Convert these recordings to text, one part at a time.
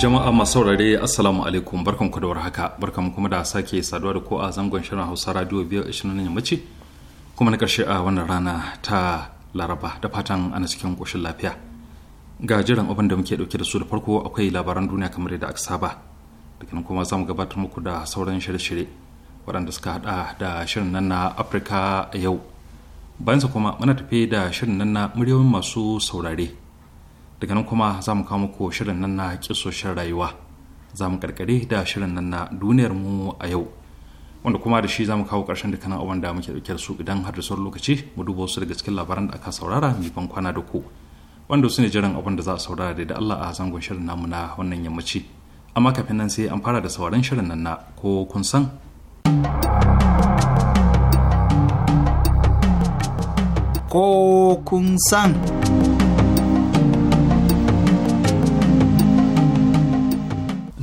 jama'a masu saurare assalamu alaikum barkan ku da haka barkan kuma da sake saduwa da ko a zangon shirin hausa radio biyar ishirin na yammaci kuma na karshe a wannan rana ta laraba da fatan ana cikin koshin lafiya ga jiran abin da muke dauke da su da farko akwai labaran duniya kamar yadda aka saba daga kuma za mu gabatar muku da sauran shirye-shirye waɗanda suka hada da shirin nan na afirka a yau bayansa kuma muna tafe da shirin nan na muryoyin masu saurare daga nan kuma za mu kawo muku shirin nan na kisoshin rayuwa za mu karkare da shirin nan na duniyar mu a yau wanda kuma da shi za mu kawo ƙarshen dukkanin abin da muke ɗauke da su idan har da sauran lokaci mu duba wasu daga cikin labaran da aka saurara mai ban kwana da ku wanda su ne jiran abin da za a saurara da Allah a zangon shirin namu na wannan yammaci amma kafin nan sai an fara da sauran shirin nan na ko kun san ko kun san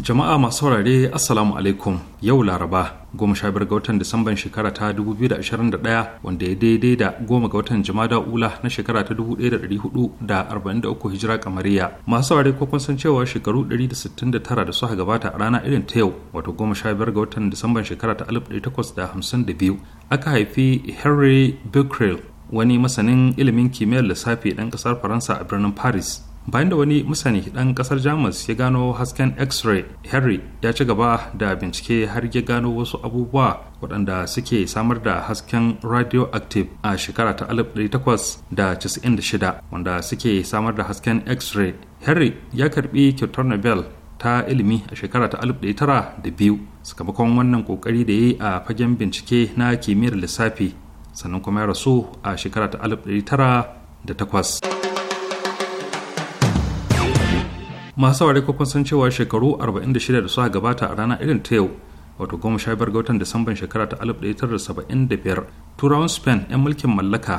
Jama'a masu saurare Assalamu alaikum yau Laraba goma sha biyar ga watan Disamban shekara ta 2021 wanda ya daidai da goma ga watan da Ula na shekara ta 1443 hijira kamariya. Masu saurare ko kun san cewa shekaru 169 da suka gabata a rana irin ta yau wato goma sha biyar ga watan Disamban shekara ta 1852 aka haifi Henry Becquerel wani masanin ilimin kimiyyar lissafi ɗan ƙasar Faransa a birnin Paris. bayan da wani musani ɗan ƙasar jamus ya gano hasken x-ray henry ya ci gaba da bincike har ya gano wasu abubuwa waɗanda suke samar da hasken radioactive a shekara ta 1896 wanda suke samar da hasken x-ray henry ya karbi kyautar nobel ta ilimi a shekara ta 1902 sakamakon wannan kokari da ya yi a fagen bincike na kimiyyar lissafi sannan kuma ya rasu a shekara ta 1908 masu ware kun san cewa shekaru 46 da suka gabata a rana irin ta yau wato goma sha biyar ga watan disamban shekara ta 1975 turawan spain 'yan mulkin mallaka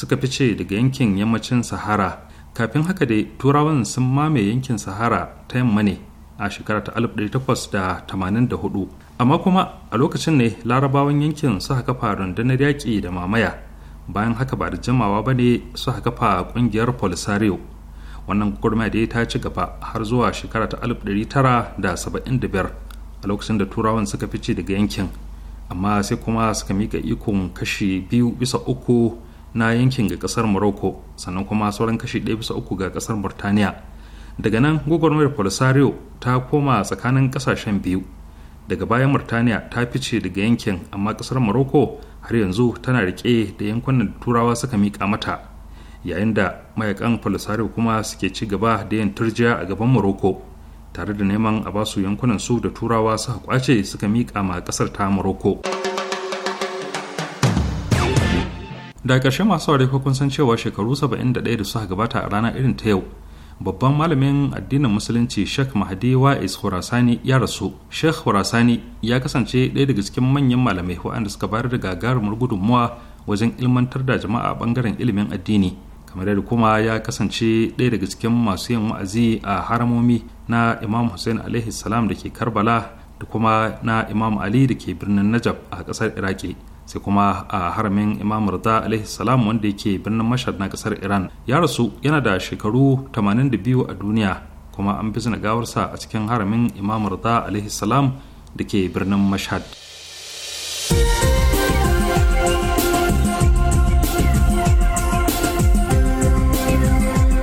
suka fice daga yankin yammacin sahara kafin haka dai turawan sun mame yankin sahara ta yamma ne a shekara ta 1884 amma kuma a lokacin ne larabawan yankin suka kafa rundunar yaƙi da mamaya bayan haka ba da jimawa ba ne suka kafa ƙungiyar polisario wannan gwagwarmaya dai ta ci gaba har zuwa shekara ta 1975 a lokacin da turawan suka fice daga yankin amma sai kuma suka mika ikon kashi biyu bisa uku na yankin ga kasar morocco sannan kuma sauran kashi ɗaya bisa uku ga kasar burtaniya daga nan gwagwarmayar polisario ta koma tsakanin kasashen biyu daga bayan murtaniya ta fice daga yankin amma kasar morocco har yanzu tana rike da yankunan turawa suka mika mata yayin da mayakan polisario kuma suke ci gaba da yin turjiya a gaban morocco tare da neman a basu yankunan su da turawa suka kwace suka miƙa ma ƙasar ta morocco da ƙarshe masu ware kun san cewa shekaru 71 da suka gabata a rana irin ta yau babban malamin addinin musulunci sheikh mahdi wa'is khurasani ya rasu sheikh khurasani ya kasance ɗaya daga cikin manyan malamai waɗanda suka bayar da gagarumar gudunmuwa wajen ilmantar da jama'a ɓangaren ilimin addini kamar kuma ya kasance ɗaya daga cikin masu yin wa'azi a haramomi na imam hussein alaihi salam da ke karbala da kuma na imam ali da ke birnin najab a ƙasar iraki sai kuma a haramin imam Rada alaihi salam wanda yake birnin mashhad na kasar iran ya rasu yana da shekaru 82 a duniya kuma an fi gawarsa a cikin haramin imam Rada alaihi salam da ke birnin mashhad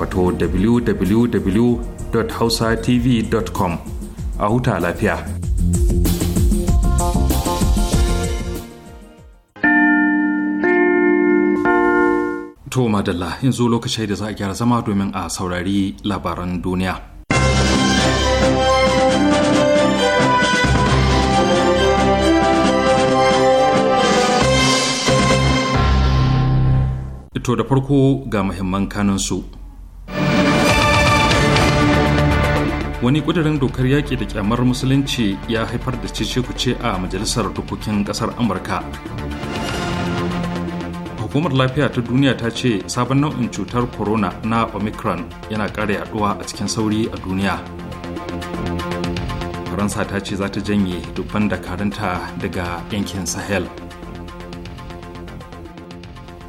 wato www.hausatv.com a huta lafiya. To madalla yanzu lokacin da za a gyara zama domin a saurari labaran duniya. To da farko ga muhimman kanunsu. su. wani ƙudurin dokar yaƙi da kyamar musulunci ya haifar da cece-kuce a majalisar dokokin ƙasar amurka hukumar lafiya ta duniya ta ce sabon nau'in cutar corona na omicron yana ƙara yaduwa a cikin sauri a duniya faransa ta ce za ta janye dubban dakarunta daga yankin sahel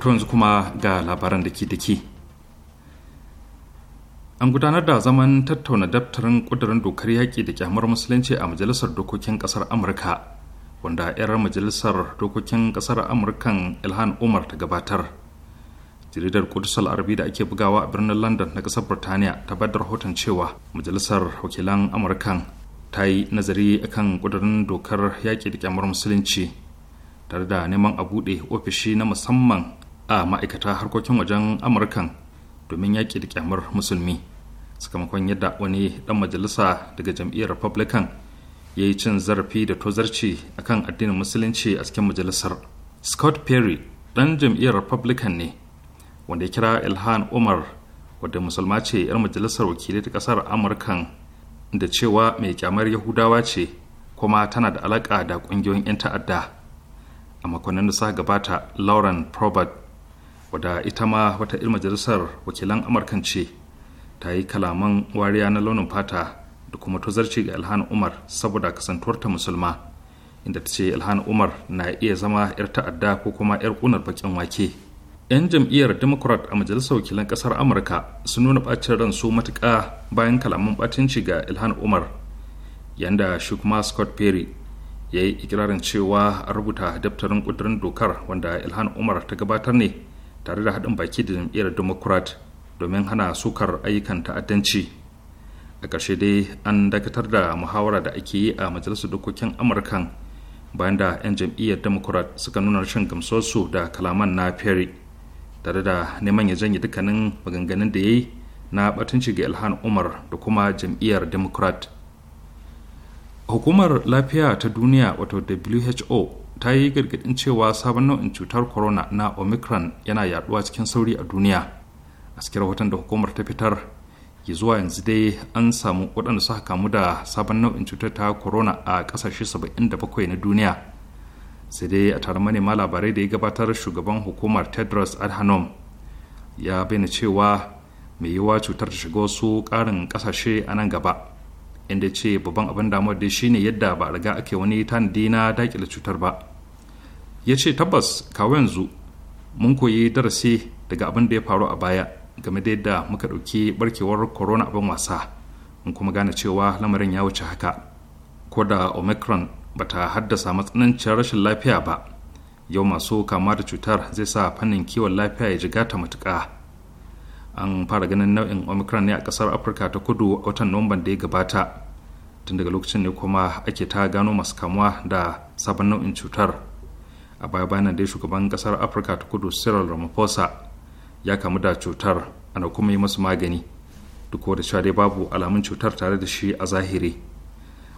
Ta yanzu kuma ga labaran da ke da ke an gudanar da zaman tattauna daftarin kudurin dokar yaƙi da kyamar musulunci a majalisar dokokin ƙasar amurka wanda 'yar majalisar dokokin ƙasar amurkan ilhan umar ta gabatar jaridar kudus al'arabi da ake bugawa a birnin london na ƙasar birtaniya ta bada rahoton cewa majalisar wakilan amurkan ta yi nazari kan kudurin dokar yaƙi da kyamar musulunci tare da neman a buɗe ofishi na musamman a ma'aikata harkokin wajen amurkan domin yaƙi da kyamar musulmi sakamakon yadda wani dan majalisa daga jam'iyyar republican ya yi cin zarafi da tozarci akan addinin musulunci a cikin majalisar scott perry dan jam'iyyar republican ne wanda ya kira ilhan umar wadda musulma ce 'yar majalisar wakilai ta kasar amurkan da cewa mai kyamar yahudawa ce kuma tana da alaka da kungiyoyin 'yan ta'adda a makonnin da suka gabata lauren probert wadda ita ma wata 'yar majalisar wakilan amurkan ce ta yi kalaman wariya na launin fata da kuma tozarci ga alhan umar saboda kasantuwar ta musulma inda ta ce alhan umar na iya zama 'yar ta'adda ko kuma 'yar kunar bakin wake 'yan jam'iyyar democrat a majalisar wakilan kasar amurka sun nuna bacin ran su matuka bayan kalaman bacinci ga ilhan umar yanda shi scott perry ya yi ikirarin cewa an rubuta daftarin kudurin dokar wanda ilhan umar ta gabatar ne tare da haɗin baki da jam'iyyar democrat domin hana sukar ayyukan ta'addanci a ƙarshe dai an dakatar da muhawara da ake yi a majalisar dokokin amurkan bayan da 'yan jam'iyyar democrat suka nuna rashin gamsuwarsu da kalaman na perry tare da neman ya janye dukkanin maganganun da ya yi na batunci ga ilhan umar da kuma jam'iyyar democrat hukumar lafiya ta duniya wato who ta yi gargadin cewa sabon nau'in cutar corona na omicron yana yaduwa cikin sauri a duniya haske rahoton da hukumar ta fitar ya zuwa yanzu dai an samu waɗanda suka kamu da sabon nau'in cutar ta corona a ƙasashe 77 na duniya sai dai a taron manema labarai da ya gabatar shugaban hukumar tedros adhanom ya bayyana cewa mai yiwuwa cutar ta shiga wasu ƙarin ƙasashe a nan gaba inda ce babban abin damuwar dai shine yadda ba a riga ake wani tanadi na daƙile cutar ba ya ce tabbas kawo yanzu mun koyi darasi daga abin da ya faru a baya game da yadda muka ɗauki barkewar corona abin wasa in kuma gane cewa lamarin ya wuce haka ko da omicron ba ta haddasa matsananciyar rashin lafiya ba yau masu kama da cutar zai sa fannin kiwon lafiya ya jigata matuka. an fara ganin nau'in omicron ne a ƙasar afirka ta kudu a watan nuwamban da ya gabata tun daga lokacin ne kuma ake ta gano masu kamuwa da sabon nau'in cutar a baya bayanan dai shugaban ƙasar afirka ta kudu cyril ramaphosa ya kamu da cutar ana kuma yi masu magani duk da cewa dai babu alamun cutar tare da shi a zahiri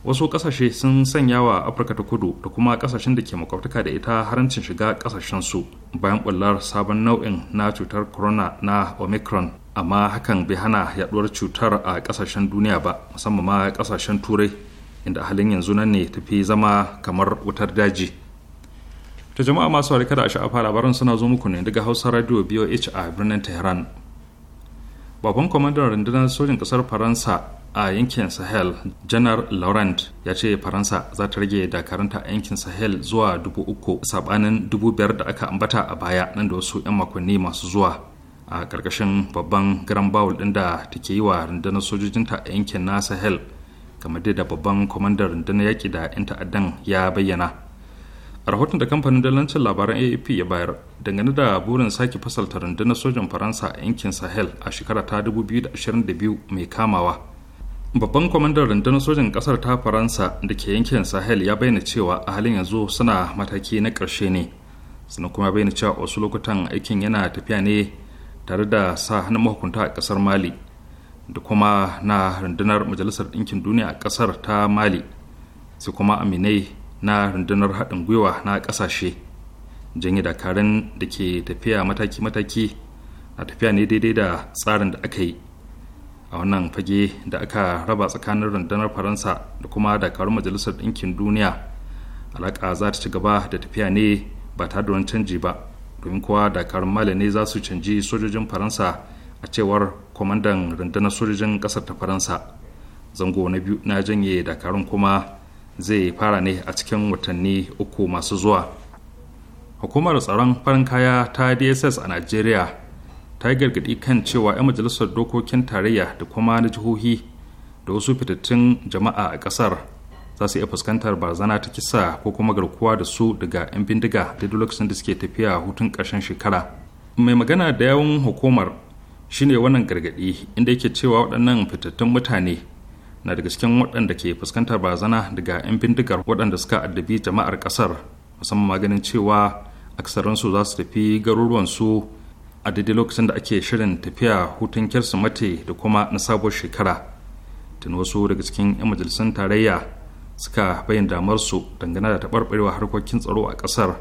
wasu kasashe sun sanya wa afirka ta kudu da kuma kasashen da ke makwabtaka da ita harancin shiga su. bayan bullar sabon nau'in na cutar corona na omicron amma hakan bai hana yaduwar cutar a kasashen duniya ba musamman ma kasashen turai inda halin yanzu nan ne tafi zama kamar wutar daji ta jama'a masu harika da sha'afa labaran suna zo muku ne daga hausa radio boh a birnin tehran babban kwamandan rundunar sojin kasar faransa a yankin sahel janar laurent ya ce faransa za ta rage dakaranta a yankin sahel zuwa dubu uku sabanin dubu biyar da aka ambata a baya nan da wasu 'yan makonni masu zuwa a karkashin babban garan bawul din da take yi wa rundunar sojojinta a yankin na sahel kamar da babban kwamandan rundunar yaƙi da 'yan ta'addan ya bayyana rahoton da kamfanin dalancin labaran aap ya bayar dangane da burin sake fasalta rundunar sojan faransa a yankin sahel a shekara ta 2022 mai kamawa babban kwamandan rundunar sojan kasar ta faransa da ke yankin sahel ya bayyana cewa a halin yanzu suna mataki na karshe ne sannan kuma bayyana cewa wasu lokutan aikin yana tafiya ne tare da sa hannun mahukunta a kasar mali da kuma na rundunar majalisar ɗinkin duniya a kasar ta mali sai kuma aminai na rundunar haɗin gwiwa na ƙasashe janye dakarun da ke tafiya mataki-mataki na tafiya ne daidai da tsarin da aka yi a wannan fage da aka raba tsakanin rundunar faransa da kuma dakarun majalisar ɗinkin duniya alaƙa za ta ci gaba da tafiya ne ba tare da canji ba domin kuwa dakarun mali ne za su canji sojojin faransa a cewar kwamandan rundunar sojojin ƙasar ta faransa zango na biyu na janye dakarun kuma zai fara ne a cikin watanni uku masu zuwa hukumar tsaron farin kaya ta dss a najeriya ta gargaɗi kan cewa 'yan majalisar dokokin tarayya da kuma na jihohi da wasu fitattun jama'a a ƙasar za su iya fuskantar barazana ta kisa ko kuma garkuwa da su daga 'yan bindiga da lokacin da suke tafiya hutun ƙarshen shekara mai magana da yawun hukumar shine wannan gargaɗi inda yake cewa waɗannan fitattun mutane na daga cikin waɗanda ke fuskantar barazana daga 'yan bindigar waɗanda suka addabi jama'ar ƙasar musamman maganin cewa aksarinsu za su tafi garuruwansu a daidai lokacin da ake shirin tafiya hutun kirsimati da kuma na sabuwar shekara tun wasu daga cikin 'yan majalisun tarayya suka bayyana damarsu dangane da taɓarɓarewa harkokin tsaro a ƙasar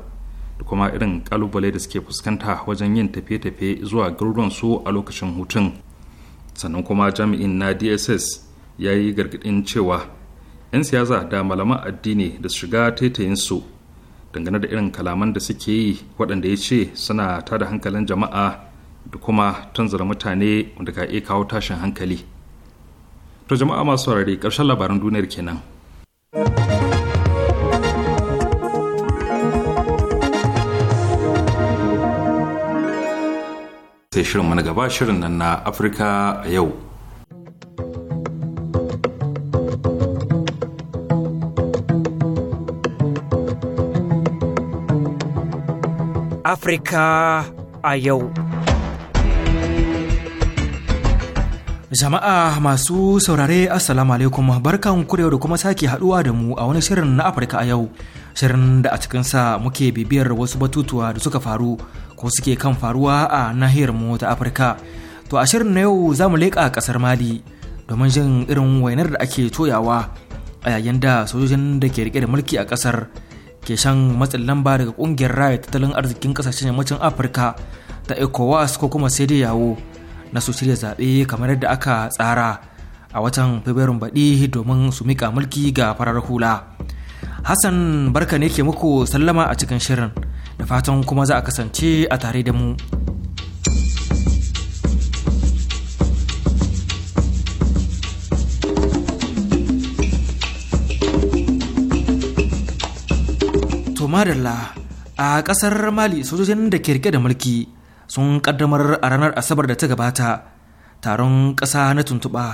da kuma irin ƙalubale da suke fuskanta wajen yin tafiye-tafiye zuwa garuruwansu a lokacin hutun sannan kuma jami'in na dss ya yi gargaɗin cewa 'yan siyasa da malaman addini da su shiga taitayinsu dangane da irin kalaman da suke yi waɗanda ya ce suna tada hankalin jama'a da kuma tanzara mutane wanda ka iya kawo tashin hankali to jama'a masu saurari ƙarshen labaran duniyar kenan sai shirin mana gaba shirin nan na afirka a yau Afirka a yau. Jama'a masu saurare Assalamu alaikum barkan kurewa da kuma sake haɗuwa da mu a wani shirin na Afirka a yau. Shirin da a cikinsa muke bibiyar wasu batutuwa da suka faru ko suke kan faruwa a nahiyar mu ta Afirka. To a shirin na yau za mu leƙa ƙasar Mali domin jin irin wainar da ake toyawa a yayin da sojojin da ke rike da mulki a ƙasar ke shan matsin lamba daga kungiyar raya tattalin arzikin kasashen yammacin afirka ta ecowas ko kuma sai dai yawo na su shirya zaɓe kamar yadda aka tsara a watan fabrairun baɗi domin su mika mulki ga farar hula hassan barka ne ke muku sallama a cikin shirin da fatan kuma za a kasance a tare da mu. la a kasar mali sojojin da ke rike da mulki sun kaddamar a ranar asabar da ta gabata taron kasa na tuntuɓa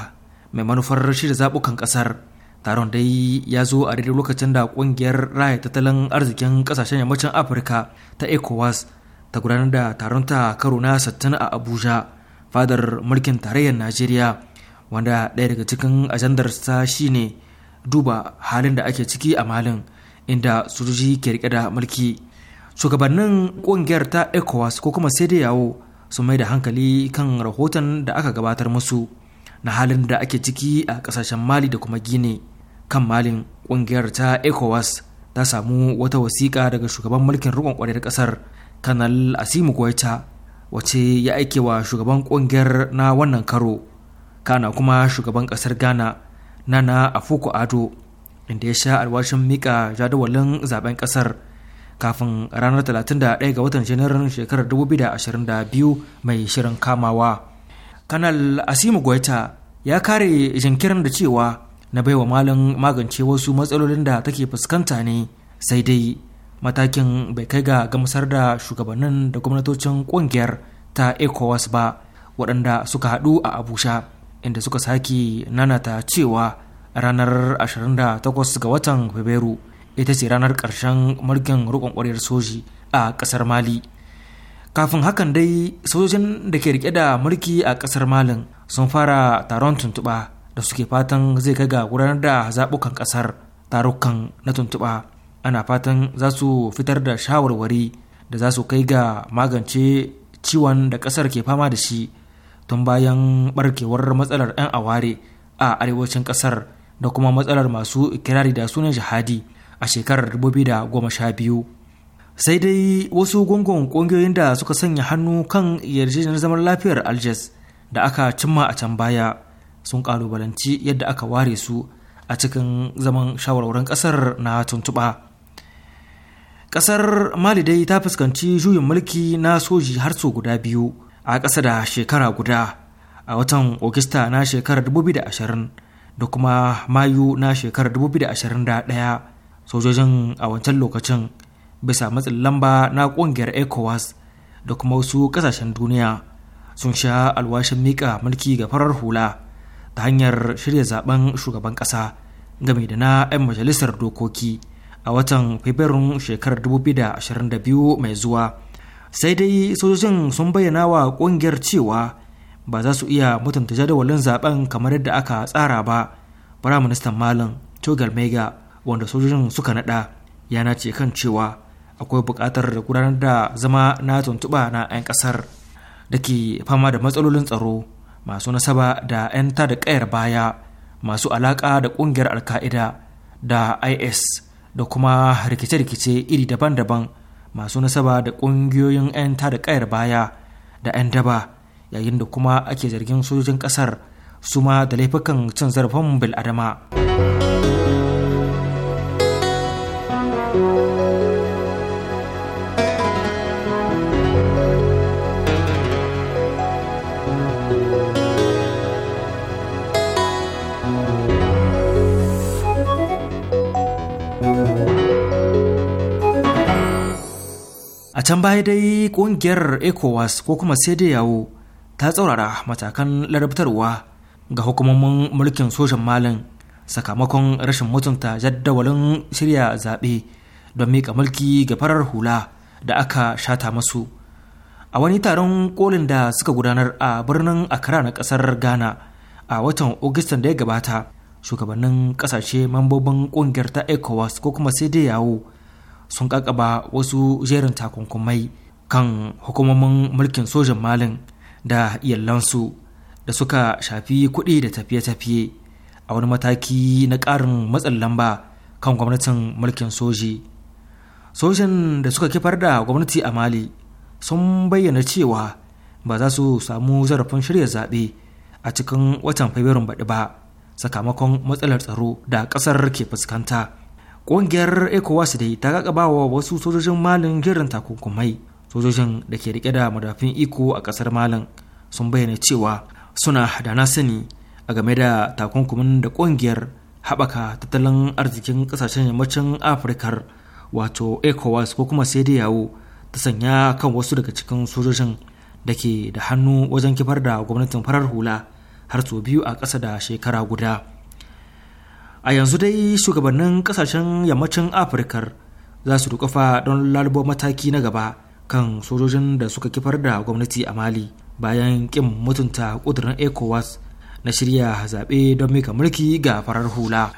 mai manufar shirya zaɓukan kasar taron dai ya zo a daidai lokacin da kungiyar raya tattalin arzikin kasashen yammacin afirka ta ecowas ta gudanar da taron ta karo na 60 a abuja fadar mulkin tarayyar najeriya wanda ɗaya daga cikin ajandar sa shine duba halin da ake ciki a malin inda sojoji ke rike da mulki shugabannin kungiyar ta ecowas ko kuma sai da yawo su mai da hankali kan rahoton da aka gabatar musu na halin da ake ciki a kasashen mali da kuma gine kan malin kungiyar ta ecowas ta samu wata wasiƙa daga shugaban mulkin rikon kwarar kasar kanal asimu goita wace ya aike wa shugaban kungiyar na wannan karo kana kuma shugaban kasar ghana nana afuku ado inda ya sha alwashin mika jadawalin zaben kasar kafin ranar 31 ga watan janairun shekarar 2022 mai shirin kamawa kanal asimu goita ya kare jinkirin da cewa na baiwa malin magance wasu matsalolin da take fuskanta ne sai dai matakin bai kai ga gamsar da shugabannin da gwamnatocin kungiyar ta ecowas ba waɗanda suka haɗu a abusha inda suka sake nanata cewa ranar 28 ga watan fabrairu ita ce ranar ƙarshen mulkin rukun ƙwariyar soji a ƙasar mali kafin hakan dai sojojin da ke rike da mulki a ƙasar malin sun fara taron tuntuɓa da suke fatan zai kai ga gudanar da zaɓukan ƙasar tarukan na tuntuɓa ana fatan za su fitar da shawarwari da za su kai ga magance ciwon da ƙasar ke fama da shi tun bayan barkewar matsalar 'yan aware a arewacin ƙasar da kuma matsalar masu ikirari da sunan jihadi a shekarar 2012 sai dai wasu gungun ƙungiyoyin da suka sanya hannu kan yarjejeniyar zaman lafiyar algiers da aka cimma a can baya sun kalubalanci yadda aka ware su a cikin zaman shawarwarin ƙasar na tuntuɓa ƙasar mali dai ta fuskanci juyin mulki na soji har so guda biyu a ƙasa da shekara guda a watan ogista na shekarar 2020 da kuma mayu na shekarar 2021 sojojin a wancan lokacin bisa matsin lamba na kungiyar ecowas da kuma wasu kasashen duniya sun sha alwashin mika mulki ga farar hula ta hanyar shirya zaben shugaban kasa game da na 'yan majalisar dokoki a watan fabrairun shekarar 2022 mai zuwa sai dai sojojin sun bayyana wa kungiyar cewa ba za su iya mutunta jadawalin zaben kamar yadda aka tsara ba firaministan malam chogal mega wanda sojojin suka nada ya nace kan cewa akwai buƙatar da gudanar da zama na tuntuɓa na 'yan ƙasar da ke fama da matsalolin tsaro masu nasaba da 'yan da ƙayar baya masu alaƙa da ƙungiyar alka'ida da is da kuma rikice-rikice iri daban-daban masu nasaba da ƙungiyoyin 'yan da ƙayar baya da 'yan daba yayin da kuma ake zargin sojojin kasar su ma da laifukan cin zarafin bil'adama a can baya dai kungiyar ecowas ko kuma sai yawo ta tsaurara matakan larabtarwa ga hukumomin mulkin sojan malin sakamakon rashin mutunta jaddawalin shirya zaɓe don miƙa mulki ga farar hula da aka shata masu a wani taron kolin da suka gudanar a birnin akara na ƙasar ghana a watan augustan da ya gabata shugabannin ƙasashe mambobin ƙungiyar ta ecowas ko kuma sai dai yawo sun kakaba wasu jerin takunkumai kan hukumomin mulkin sojan malin da iyalansu da suka shafi kuɗi da tafiye-tafiye a wani mataki na ƙarin matsin lamba kan gwamnatin mulkin soji sojin da suka kifar da gwamnati a mali sun bayyana cewa ba za su samu zarafin shirya zaɓe a cikin watan fabrairun baɗi ba sakamakon matsalar tsaro da ƙasar ke fuskanta ƙungiyar ecowas dai ta gagaba wa wasu sojojin malin girin takunkumai sojojin da ke rike da madafin iko a kasar malam sun bayyana cewa suna da na sani a game da takunkumin da kungiyar haɓaka tattalin arzikin ƙasashen yammacin afirkar wato ecowas ko kuma sai yawo ta sanya kan wasu daga cikin sojojin da ke da hannu wajen kifar da gwamnatin farar hula har sau biyu a ƙasa da shekara guda a yanzu dai shugabannin ƙasashen yammacin afirkar za su dukafa don lalubo mataki na gaba kan sojojin da suka kifar da gwamnati a mali bayan kin mutunta kudurin ecowas na shirya zaɓe don mika mulki ga farar hula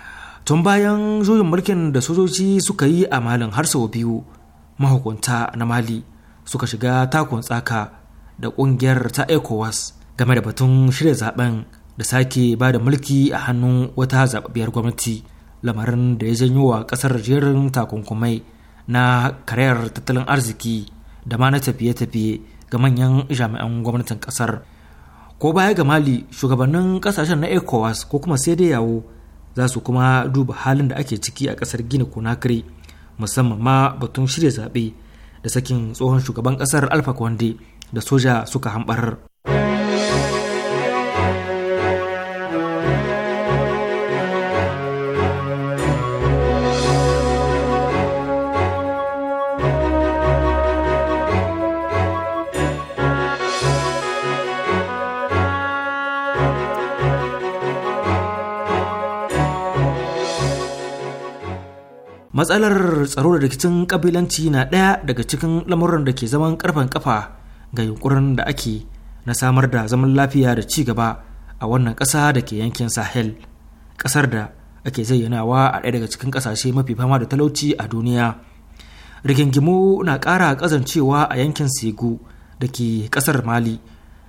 tun bayan juyin mulkin da sojoji suka yi a malin har sau biyu mahukunta na mali suka shiga takun tsaka da ƙungiyar ta ecowas game da batun shirya zaben da sake ba da mulki a hannun wata zababbiyar gwamnati lamarin da ya janyo wa ƙasar jerin takunkumai na karayar tattalin arziki da ma na tafiye-tafiye ga manyan jami'an gwamnatin kasar ko baya ga mali shugabannin kasashen na ecowas ko kuma sai dai yawo za su kuma duba halin da ake ciki a kasar gini conakry musamman ma batun shirya zaɓe da sakin tsohon shugaban kasar alfa da soja suka hambarar matsalar tsaro da rikicin kabilanci na ɗaya daga cikin lamuran da ke zaman karfan kafa ga yunkurin da ake na samar da zaman lafiya da ci gaba a wannan ƙasa da ke yankin sahel ƙasar da ake zayyanawa a ɗaya daga cikin ƙasashe mafi fama da talauci a duniya rigingimu na ƙara ƙazancewa a yankin segu da ke ƙasar mali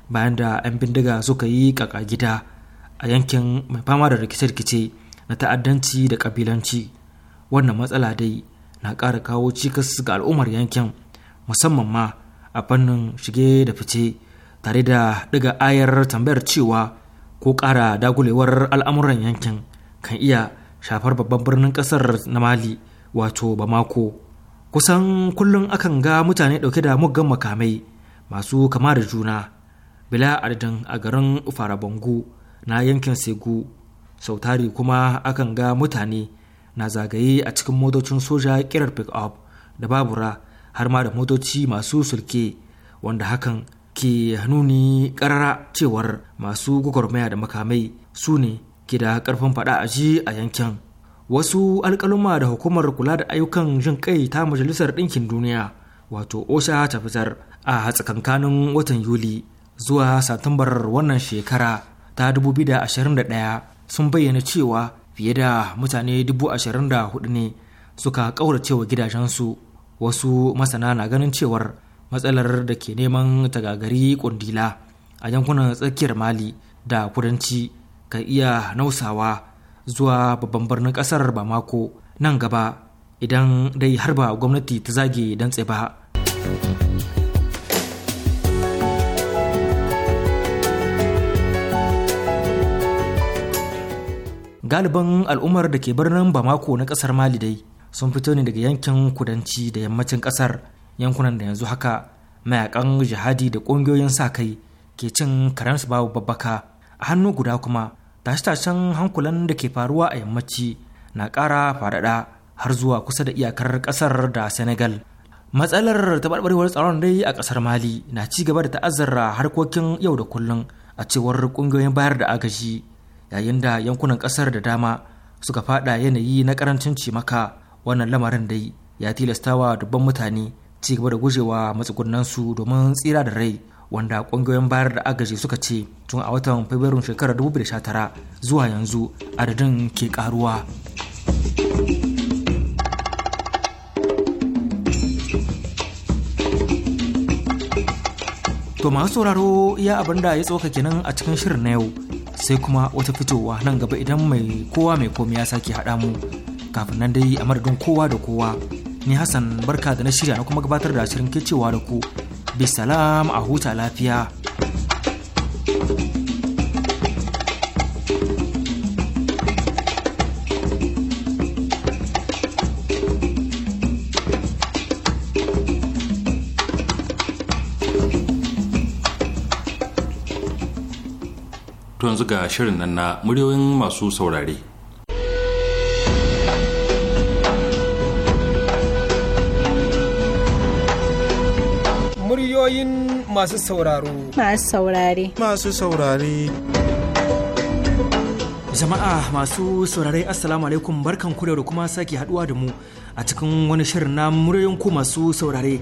bayan da 'yan bindiga suka yi ƙaƙa gida a yankin mai fama da rikice-rikice na ta'addanci da ƙabilanci wannan matsala dai na ƙara kawo cikas ga al'ummar yankin musamman ma a fannin shige da fice tare da ɗiga ayar tambayar cewa ko ƙara dagulewar al'amuran yankin kan iya shafar babban birnin ƙasar na mali wato bamako kusan kullum akan ga mutane ɗauke da muggan makamai masu kama da juna bila adadin a garin farabangu na yankin segu sautari kuma akan ga mutane na zagaye a cikin motocin soja kirar pick-up da babura har ma da motoci masu sulke wanda hakan ke nuni karara cewar masu gwagwarmaya da makamai su ne ke da karfin fada a ji a yankin wasu alkaluma da hukumar kula da ayyukan jin kai ta majalisar ɗinkin duniya wato osha ta fitar a tsakankanin watan yuli zuwa satumbar wannan shekara ta 2021 sun bayyana cewa fiye da mutane dubu ashirin da hudu ne suka ƙaurace wa gidajensu wasu masana na ganin cewar matsalar da ke neman tagagari kundila a yankunan tsakiyar mali da kudanci ka iya nausawa zuwa babban birnin ƙasar bamako nan gaba idan dai har ba gwamnati ta zage dantse ba galiban al'ummar da ke birnin bamako na kasar mali dai sun fito ne daga yankin kudanci da yammacin kasar yankunan da yanzu haka mayakan jihadi da ƙungiyoyin sa kai ke cin karamsu babu babbaka a hannu guda kuma tashe-tashen hankulan da ke faruwa a yammaci na ƙara faɗaɗa har zuwa kusa da iyakar ƙasar da senegal matsalar taɓarɓarewar tsaron dai a ƙasar mali na ci gaba da ta'azzara harkokin yau da kullum a cewar ƙungiyoyin bayar da agaji yayin da yankunan kasar da dama suka fada yanayi na karancin cimaka wannan lamarin dai ya tilasta wa dubban mutane ci gaba da gujewa su domin tsira da rai wanda kungiyoyin bayar da agaji suka ce tun a watan fabrairun shekarar 2019 zuwa yanzu adadin ke karuwa to masu sauraro iya abinda da ya tsoka kenan a cikin shirin na yau sai kuma wata fitowa nan gaba idan mai kowa mai komi ya sake haɗa mu kafin nan dai a madadin kowa da kowa ni hassan barka da na shirya na kuma gabatar da shirin ke da ku bisalam a huta lafiya yanzu ga shirin nan na muryoyin masu saurare. Muryoyin masu sauraro. Masu saurare. Masu saurare. Jama'a masu saurare Assalamu alaikum barkan ku da kuma sake haduwa da mu a cikin wani shirin na muryoyin ku masu saurare.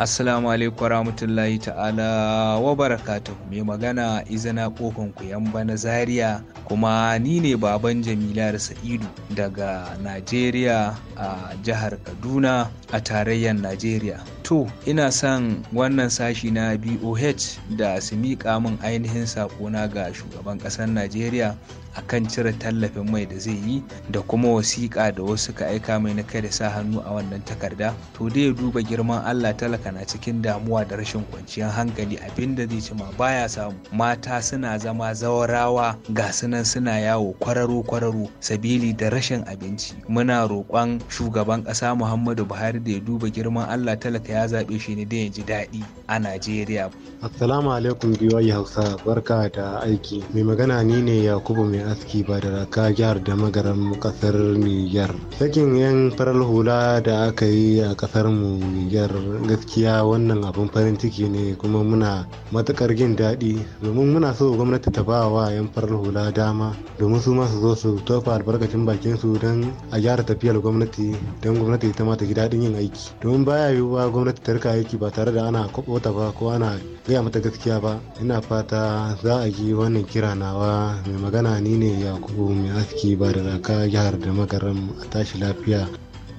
Assalamu alaikum warahmatullahi ta'ala wa barakatuh mai magana izina kofin yamba na zaria kuma ni ne baban Jamila da Sa'idu daga Najeriya a jihar Kaduna a tarayyar Najeriya. To ina son wannan sashi na BOH da su miƙa min ainihin saƙona ga shugaban ƙasar Najeriya akan cire tallafin mai da zai yi da kuma wasiƙa da wasu ka aika mai na kai da sa hannu a wannan takarda to dai ya duba girman Allah talaka na cikin damuwa da rashin kwanciyar hankali abin da zai ci ma baya samu mata suna zama zawarawa ga sunan suna yawo kwararo kwararo sabili da rashin abinci muna roƙon shugaban ƙasa Muhammadu Buhari da ya duba girman Allah talaka ya zaɓe shi ne da ya ji daɗi a Najeriya. Assalamu alaikum biyoyi Hausa barka da aiki mai magana ni ne Yakubu mai aski ba da raka jihar da magaran kasar niger sakin yan farar hula da aka yi a kasar mu niger gaskiya wannan abin farin ciki ne kuma muna matukar jin daɗi domin muna so gwamnati ta ba wa yan farar hula dama domin su masu zo su tofa albarkacin bakin su don a gyara tafiyar gwamnati don gwamnati ta mata ta ji daɗin yin aiki domin baya yiwuwa gwamnati ta rika aiki ba tare da ana ta ba ko ana gaya mata gaskiya ba ina fata za a ji wannan kira nawa mai magana ne ni ne yakubu mai aski ba da raka jihar da magaram a tashi lafiya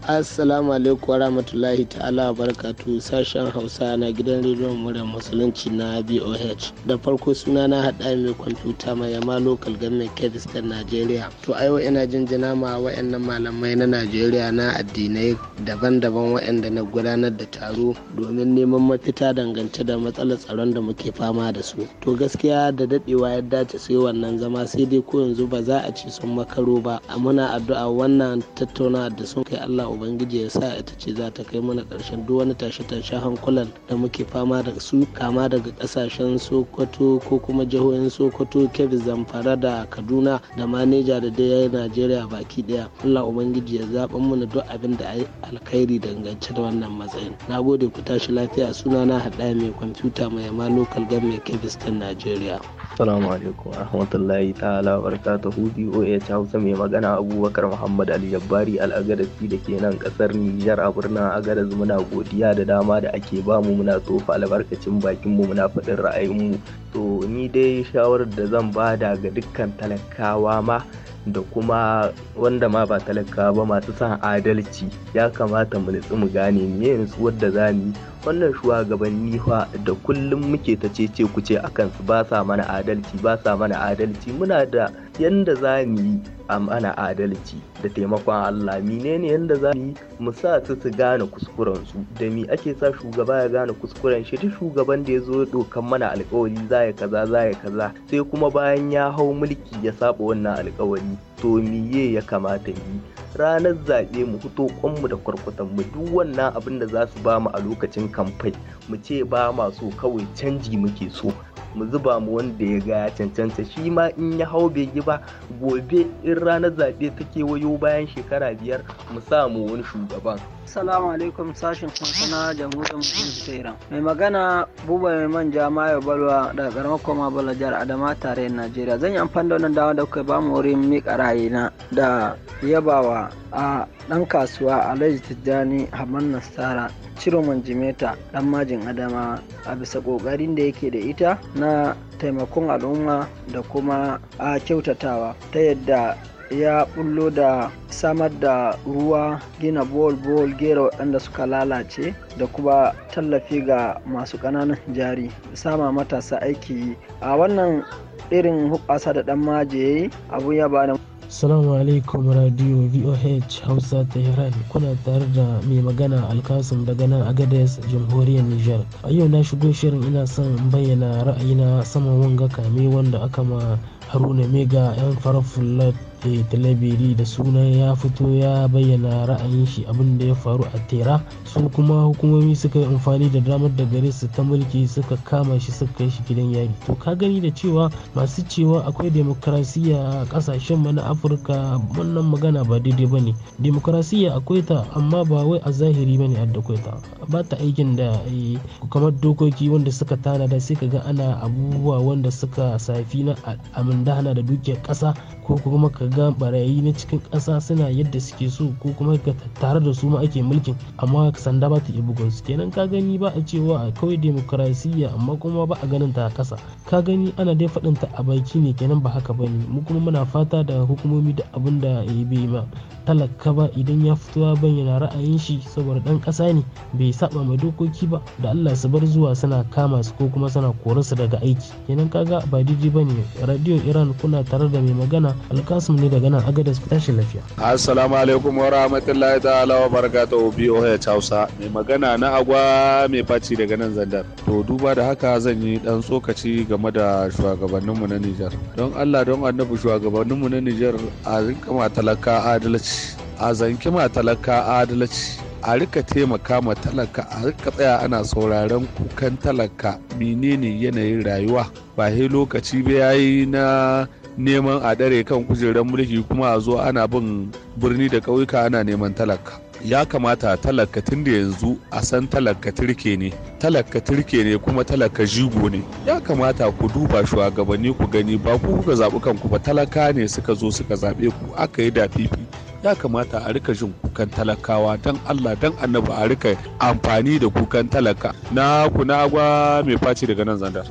assalamu alaikum wa rahmatullahi ta'ala wa barakatu sashen hausa na gidan rediyon murar musulunci na boh da farko suna na haɗa mai kwamfuta mai yama lokal gamin kebis ta najeriya to yau ina jina ma wa'annan malamai na najeriya na addinai daban-daban wa'anda na gudanar da taro domin neman mafita dangance da matsalar tsaron da muke fama da su to gaskiya da daɗewa ya dace sai wannan zama sai dai ko yanzu ba za a ci sun makaro ba a muna addu'a wannan tattaunawa da sun kai allah ubangiji ya sa ita ce za ta kai mana ƙarshen duk wani tashe tashen hankulan da muke fama da su kama daga kasashen sokoto ko kuma jihohin sokoto kebbi zamfara da kaduna da maneja da dai najeriya baki ɗaya allah ubangiji ya zaɓa mana duk abin da alkhairi dangance da wannan matsayin na gode ku tashi lafiya sunana haɗa mai kwamfuta mai yama local mai kebbi najeriya salamu alaikum rahmatullahi ta'ala barakatuhu ya Hausa mai magana Abubakar Muhammad Ali Jabbari al'agarasi da ke nan kasar Nijar a birnin Agadez muna godiya da dama da ake bamu muna tsofa albarkacin bakin mu muna faɗin ra'ayin mu to ni dai shawarar da zan bada ga dukkan talakawa ma da kuma wanda ma ba talaka ba masu san adalci ya kamata mu nutsu mu gane me yanzu wadda za mu wannan shugabanni fa da kullum muke ta cece ku ce akan su ba sa mana adalci ba sa mana adalci muna da yanda za mu yi a mana adalci da taimakon Allah menene yanda za mu yi mu sa su su gane kuskuren su da mi ake sa shugaba ya gane kuskuren shi duk shugaban da ya zo dokan mana alkawari za ya kaza za ya kaza sai kuma bayan ya hau mulki ya saba wannan alkawari To to miye ya kamata yi ranar zaɓe mu fito kwanmu da kwarkwatan mu duk wannan abin da za su ba mu a lokacin kamfai mu ce ba ma so kawai canji muke so mu zuba mu wanda ya ga ya cancanta shi ma in ya hau bai yi ba gobe in ranar zaɓe ta kewayo bayan shekara biyar mu samu wani shugaban. Assalamu alaikum sashen kwansana jamhuriyar musulunci ta Iran. Mai magana buba mai manja Mayo Balwa daga karamar koma Bala jihar Adama tarayyar Najeriya. Zan yi amfani da wannan dama da kuka ba mu wurin miƙa na da yabawa a ɗan kasuwa Alhaji Tijjani Haman nasara Ciroman Jimeta ɗan majin Adama a bisa ƙoƙarin da yake da ita na taimakon al'umma da kuma a kyautatawa ta yadda ya bullo da samar da ruwa gina bol bol gera waɗanda suka lalace da kuma tallafi ga masu ƙananan jari sama matasa aiki a wannan irin hukasa da ɗan maje abu ya bani Salamu alaikum radio VOH Hausa Tehran kuna tare da mai magana alkasim daga nan Agadez jamhuriyar Nijar. A yau na shigo shirin ina son bayyana ra'ayina saman wanga kame wanda aka ma Haruna Mega 'yan farar Eh, talabiri da sunan ya fito ya bayyana ra'ayin shi abin da ya faru a tera su kuma hukumomi suka yi amfani da damar da gare su ta mulki suka kama shi suka kai shi gidan yari to ka gani da cewa masu cewa akwai demokrasiya a kasashen mu na afirka wannan magana ba daidai ba ne demokrasiya akwai ta amma ba wai a zahiri ba ne a da ta ba ta aikin da eh, kamar dokoki wanda suka tanada sai ka ga ana abubuwa wanda suka safi na amindana da dukiyar kasa ko kuma ka ga barayi na cikin ƙasa suna yadda suke so ko kuma ka tare da su ma ake mulkin amma sanda ba ta iya bugun su kenan ka gani ba a cewa a kawai demokarasiyya amma kuma ba a ganin ta a ƙasa ka gani ana dai faɗin ta a baki ne kenan ba haka bane mu kuma muna fata da hukumomi da abin da ya bai ma talaka ba idan ya fito ya bayyana ra'ayin shi saboda ɗan ƙasa ne bai saba ma dokoki ba da Allah su bar zuwa suna kama su ko kuma suna su daga aiki kenan kaga ba daidai ba ne radio Iran kuna tare da mai magana Alkasim ne daga nan agadas tashin lafiya assalamu alaikum wa rahmatullahi ta'ala wa barakatuhu BOH Hausa mai magana na agwa mai faci daga nan zandar to duba da haka zan yi dan tsokaci game da shugabanninmu na Nijar don Allah don annabi shugabanninmu na Nijar a rinka ma talaka adalci a zanki ma talaka adalci a rika taimaka ma talaka a rika tsaya ana sauraron kukan talaka menene yanayin rayuwa ba he lokaci ba yayi na neman a dare kan kujerar mulki kuma a zo ana bin birni da ƙauyuka ana neman talaka ya kamata talaka tun da yanzu a san talaka turke ne talaka turke ne kuma talaka jigo ne ya kamata ku duba shugabanni ku gani ba ku kuka zaɓi kanku ba talaka ne suka zo suka zaɓe ku aka yi dafifi. ya kamata a rika jin kukan talakawa don Allah don annabi a rika amfani da kukan talaka na kuna agwa mai faci daga nan zandar.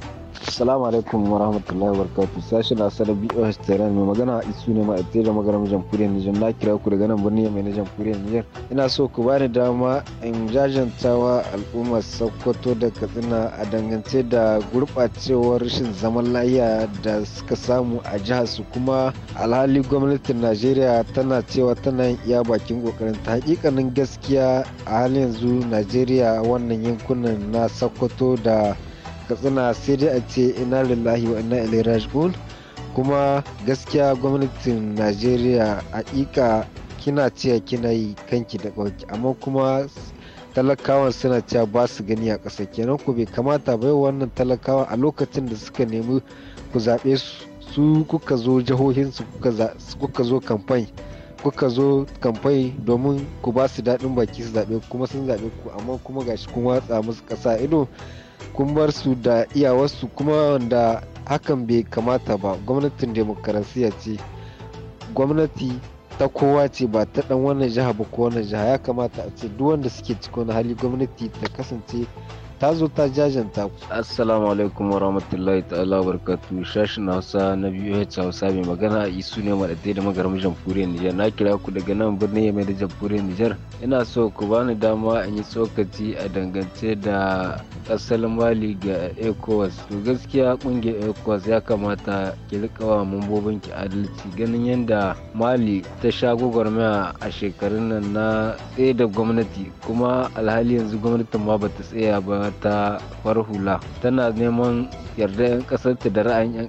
Assalamu alaikum wa rahmatullahi wa Sashi na sanar BOH Tehran mai magana a isu ne ma'aikatai da magaram jamhuriyar Nijar na kira ku daga nan birni mai na jamhuriyar Nijar. Ina so ku bani dama in jajantawa al'ummar Sokoto da Katsina a dangance da gurɓacewar rashin zaman lafiya da suka samu a jihar su kuma alhali gwamnatin Najeriya tana cewa tana iya bakin kokarin ta hakikanin gaskiya a halin yanzu Najeriya wannan yankunan na Sokoto da katsina sai dai a ce ina lillahi wa ina ilaihi kuma gaskiya gwamnatin najeriya haƙiƙa kina cewa kina yi kanki da kawai amma kuma talakawan suna cewa ba su gani a ƙasa kenan ku bai kamata bai wannan talakawa a lokacin da suka nemi ku zaɓe su kuka zo jihohinsu kuka zo kamfani kuka zo kamfai domin ku ba su daɗin baki su zaɓe kuma sun zaɓe ku amma kuma gashi kun watsa musu ƙasa ido kun bar su da iyawarsu kuma wanda hakan bai kamata ba gwamnatin demokarasiya ce gwamnati ta kowa ce ba ta dan wannan jiha ba ko wannan jiha ya kamata a ce duk wanda suke cikin hali gwamnati ta kasance ta zo ta jajanta ku assalamu alaikum wa rahmatullahi ta'ala wa barakatu shashin hausa na biyu hajji hausa mai magana a isu ne maɗaɗe da magarmu jamhuriyar nijar na kira ku daga nan birnin yamai da jamhuriyar nijar ina so ku bani dama in yi tsokaci a dangance da ƙasar mali ga ecowas to gaskiya ƙungiyar ecowas ya kamata ki wa mambobin ki adalci ganin yadda mali ta sha gwagwarmaya a shekarun nan na tsaye da gwamnati kuma alhali yanzu gwamnatin ma bata tsaya ba mata ta hula tana neman yarda 'yan ƙasarta da ra'ayin 'yan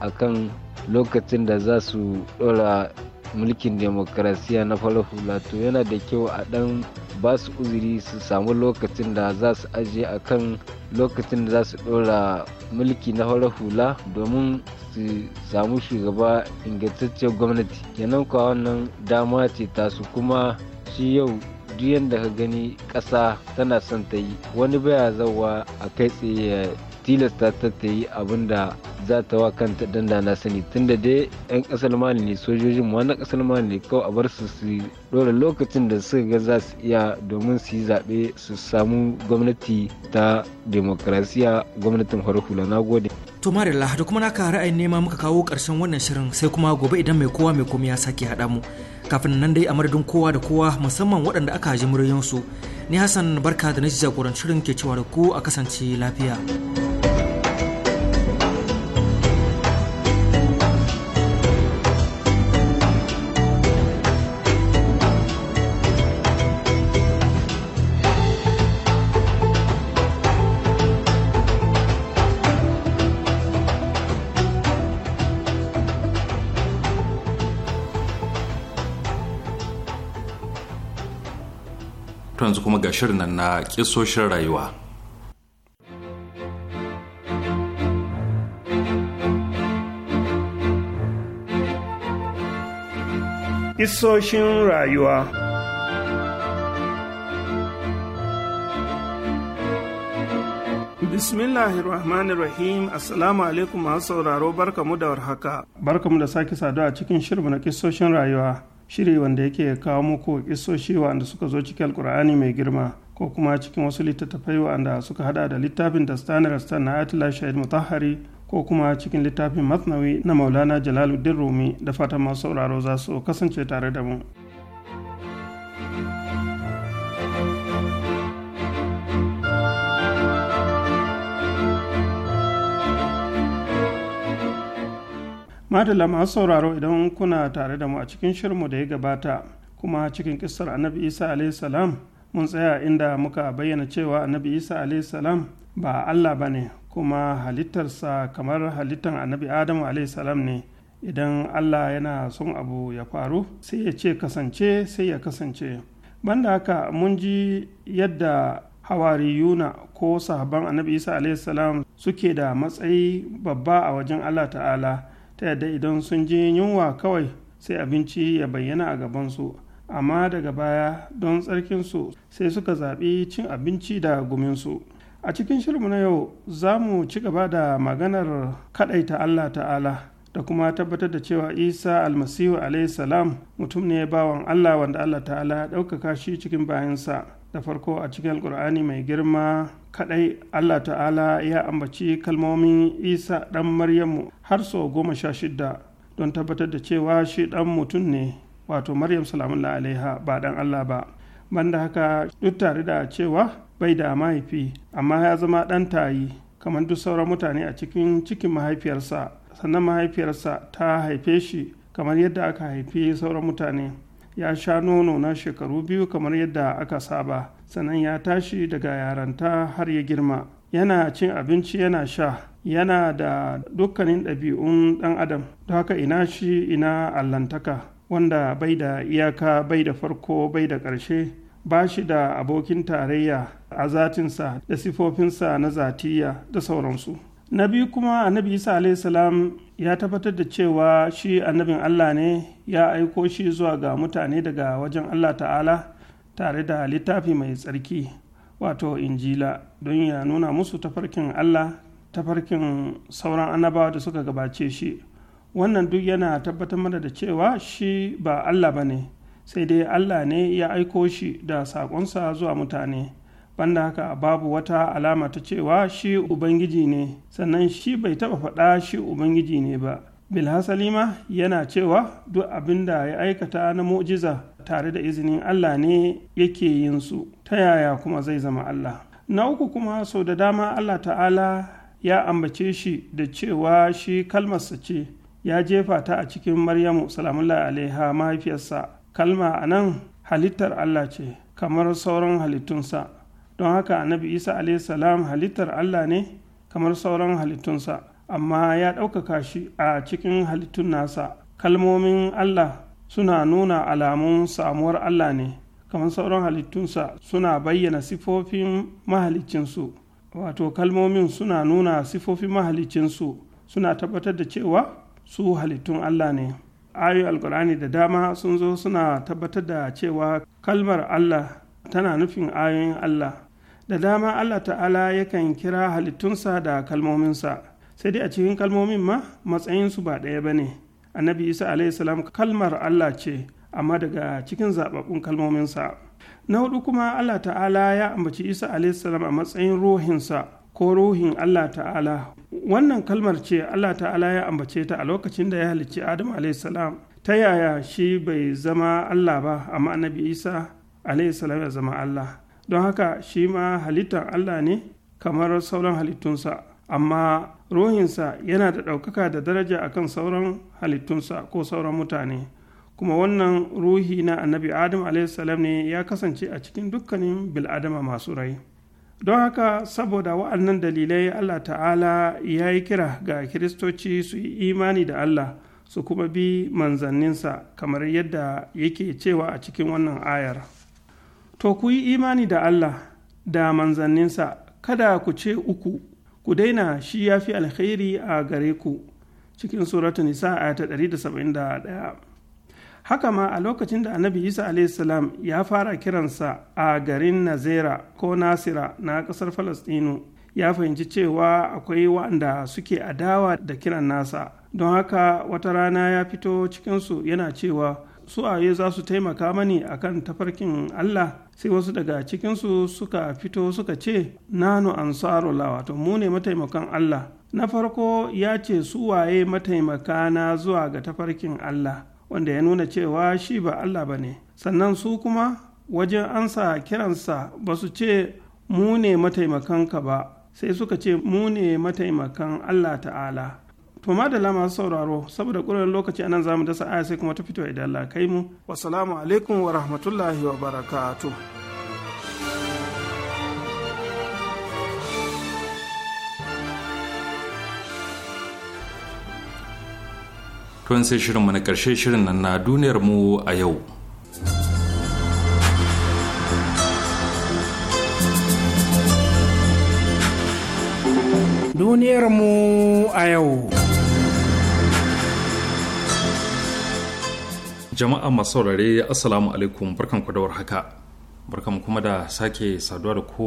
a kan lokacin da za su ɗora mulkin demokarasiya na farahula to yana da kyau a dan ba su uzuri su samu lokacin da za su aje a kan lokacin da za su ɗora mulki na farahula domin su samu shugaba ingantacciyar gwamnati kenan kuwa wannan dama ce tasu kuma shi yau duk yadda ka gani ƙasa tana son ta yi wani baya zauwa a kai tsaye ya tilasta ta ta yi abin da za ta wa kanta dandana na sani tunda dai 'yan ƙasar mali ne sojojin wani na ƙasar mali ne kawai a bar su su lokacin da suka ga za su iya domin su yi zaɓe su samu gwamnati ta demokarasiya gwamnatin farar na gode. to marilla da kuma naka ra'ayin nema muka kawo ƙarshen wannan shirin sai kuma gobe idan mai kowa mai komai ya sake haɗa mu kafin nan dai a madadin kowa da kowa musamman waɗanda aka ji muryoyinsu ni hassan barka da na jagorancin ke cewa da ku a kasance lafiya yanzu kuma ga shirin nan na kisoshin rayuwa. Kisoshin rayuwa Rahim Assalamu alaikum masu sauraro barkamu da warhaka. Barkamu da sake saduwa cikin shirmu na kisoshin rayuwa. shiri wanda yake kawo muku isoshi wanda suka zo cikin alkur'ani mai girma ko kuma cikin wasu littattafai wanda suka hada da littafin da dastanar rastan na atila shahid mutahari ko kuma cikin littafin masnawi na maulana jalaluddin rumi da fatan masu sauraro za su kasance tare da mu. madalla masu sauraro idan kuna tare da mu a cikin shirinmu da ya gabata kuma cikin kissar annabi isa salam mun tsaya inda muka bayyana cewa annabi isa salam ba allah ba ne kuma halittarsa kamar halittar annabi adamu salam ne idan allah yana son abu ya faru sai ya ce kasance sai ya kasance banda haka mun ji yadda hawariyuna ko sahaban annabi isa salam suke da matsayi babba a wajen allah ta'ala ta yadda idan sun je yunwa kawai sai abinci ya bayyana a gabansu amma daga baya don tsarkinsu sai suka zaɓi cin abinci da guminsu a cikin shirmu na yau za mu ci gaba da maganar kaɗaita allah ta'ala da kuma tabbatar da cewa isa almasihu salam mutum ne bawan allah wanda allah ta'ala ya ɗaukaka shi cikin bayansa da farko a cikin alkur'ani mai girma kadai allah ta'ala ya ambaci kalmomin isa dan maryamu har sau goma sha shida don tabbatar da cewa shi dan mutum ne wato maryam salamun alaiha ba dan allah ba banda haka duk tare da cewa bai da mahaifi amma ya zama dan tayi kamar duk sauran mutane a cikin cikin mahaifiyarsa sannan mahaifiyarsa ta haife shi kamar yadda aka haifi sauran mutane ya sha nono na shekaru biyu kamar yadda aka saba sannan ya tashi daga yaranta har ya girma yana cin abinci yana sha yana da dukkanin ɗabi'un ɗan adam don haka ina shi ina allantaka wanda bai da iyaka bai da farko bai da ƙarshe ba shi da abokin tarayya a zatinsa da sifofinsa na zatiya da sauransu na biyu kuma annabi isa salam ya tabbatar da cewa shi annabin allah ne ya aiko shi zuwa ga mutane daga wajen allah ta'ala tare da littafi mai tsarki wato injila don ya nuna musu tafarkin allah tafarkin sauran annabawa da suka gabace shi wannan duk yana tabbatar mana da cewa shi ba allah ba ne sai dai allah ne ya aiko shi da saƙonsa zuwa mutane banda haka babu wata alama ta cewa shi ubangiji ne sannan shi bai taɓa faɗa shi ubangiji ne ba bilhassali ma yana cewa duk abin da ya aikata na mu'jiza tare da izinin allah ne yake yin su ta yaya kuma zai zama allah na uku kuma sau da dama allah ta'ala ya ambace shi da cewa shi kalmarsa ce ya jefa ta a cikin maryamu salamullahi alaiha mahaifiyarsa kalma a nan halittar allah ce kamar sauran halittunsa don haka annabi isa salam halittar allah ne kamar sauran halittunsa amma ya ɗaukaka shi a cikin halittun nasa kalmomin allah suna nuna alamun samuwar allah ne kamar sauran halittunsa suna bayyana sifofin mahaliccinsu. wato kalmomin suna nuna sifofin mahaliccinsu, suna tabbatar da cewa su halittun allah ne ayoyi alkur'ani da dama sun zo suna tabbatar da cewa kalmar allah tana nufin ayoyin allah da dama allah ta'ala yakan kira halittunsa da kalmominsa sai dai a cikin kalmomin ma matsayinsu ba ɗaya ba ne annabi isa salam kalmar allah ce amma daga cikin zaɓaɓɓun kalmominsa na hudu kuma allah ta'ala ya ambaci isa salam a matsayin ruhinsa ko ruhin allah ta'ala wannan kalmar ce allah ta'ala ya ambace ta a lokacin da ya halicci adam salam ta yaya shi bai zama allah ba amma annabi isa salam ya zama allah don haka shi ma halittar Allah ne kamar sauran halittunsa amma ruhinsa yana da ɗaukaka da daraja akan sauran halittunsa ko sauran mutane kuma wannan ruhi na annabi adam salam ne ya kasance a cikin dukkanin bil'adama masu rai don haka saboda wa'annan dalilai allah ta'ala ya yi kira ga kiristoci su yi imani da allah su kuma bi manzanninsa kamar yadda yake cewa a cikin wannan ayar. to ku yi imani da Allah da manzanninsa kada ku ce uku ku daina shi ya fi alkhairi a gare ku cikin suratu nisa a ta 171 haka ma a lokacin da annabi isa salam ya fara kiransa a garin nazera ko nasira na kasar falastinu ya fahimci cewa akwai waɗanda suke adawa da kiran nasa don haka wata rana ya fito cikinsu yana cewa Su waye za su taimaka mani a kan tafarkin Allah sai wasu daga cikinsu suka fito suka ce nanu ansarullah wato mu ne mataimakan Allah na farko ya ce su waye mataimaka na zuwa ga tafarkin Allah wanda ya nuna cewa shi ba Allah ba ne sannan su kuma wajen ansa kiransa ba su ce mu ne mataimakanka ba sai suka ce mu ne mataimakan Allah ta'ala To da masu sauraro saboda ƙuran lokaci anan zamu dasa aya sai kuma ta fito idan Allah kai mu. Wassalamu alaikum wa rahmatullahi wa barakatuh. tun sai shirin na karshe shirin nan na duniyar mu a yau. Duniyar mu a yau. jama'a masu saurare assalamu alaikum barkan ku da haka barkan kuma da sake saduwa da ko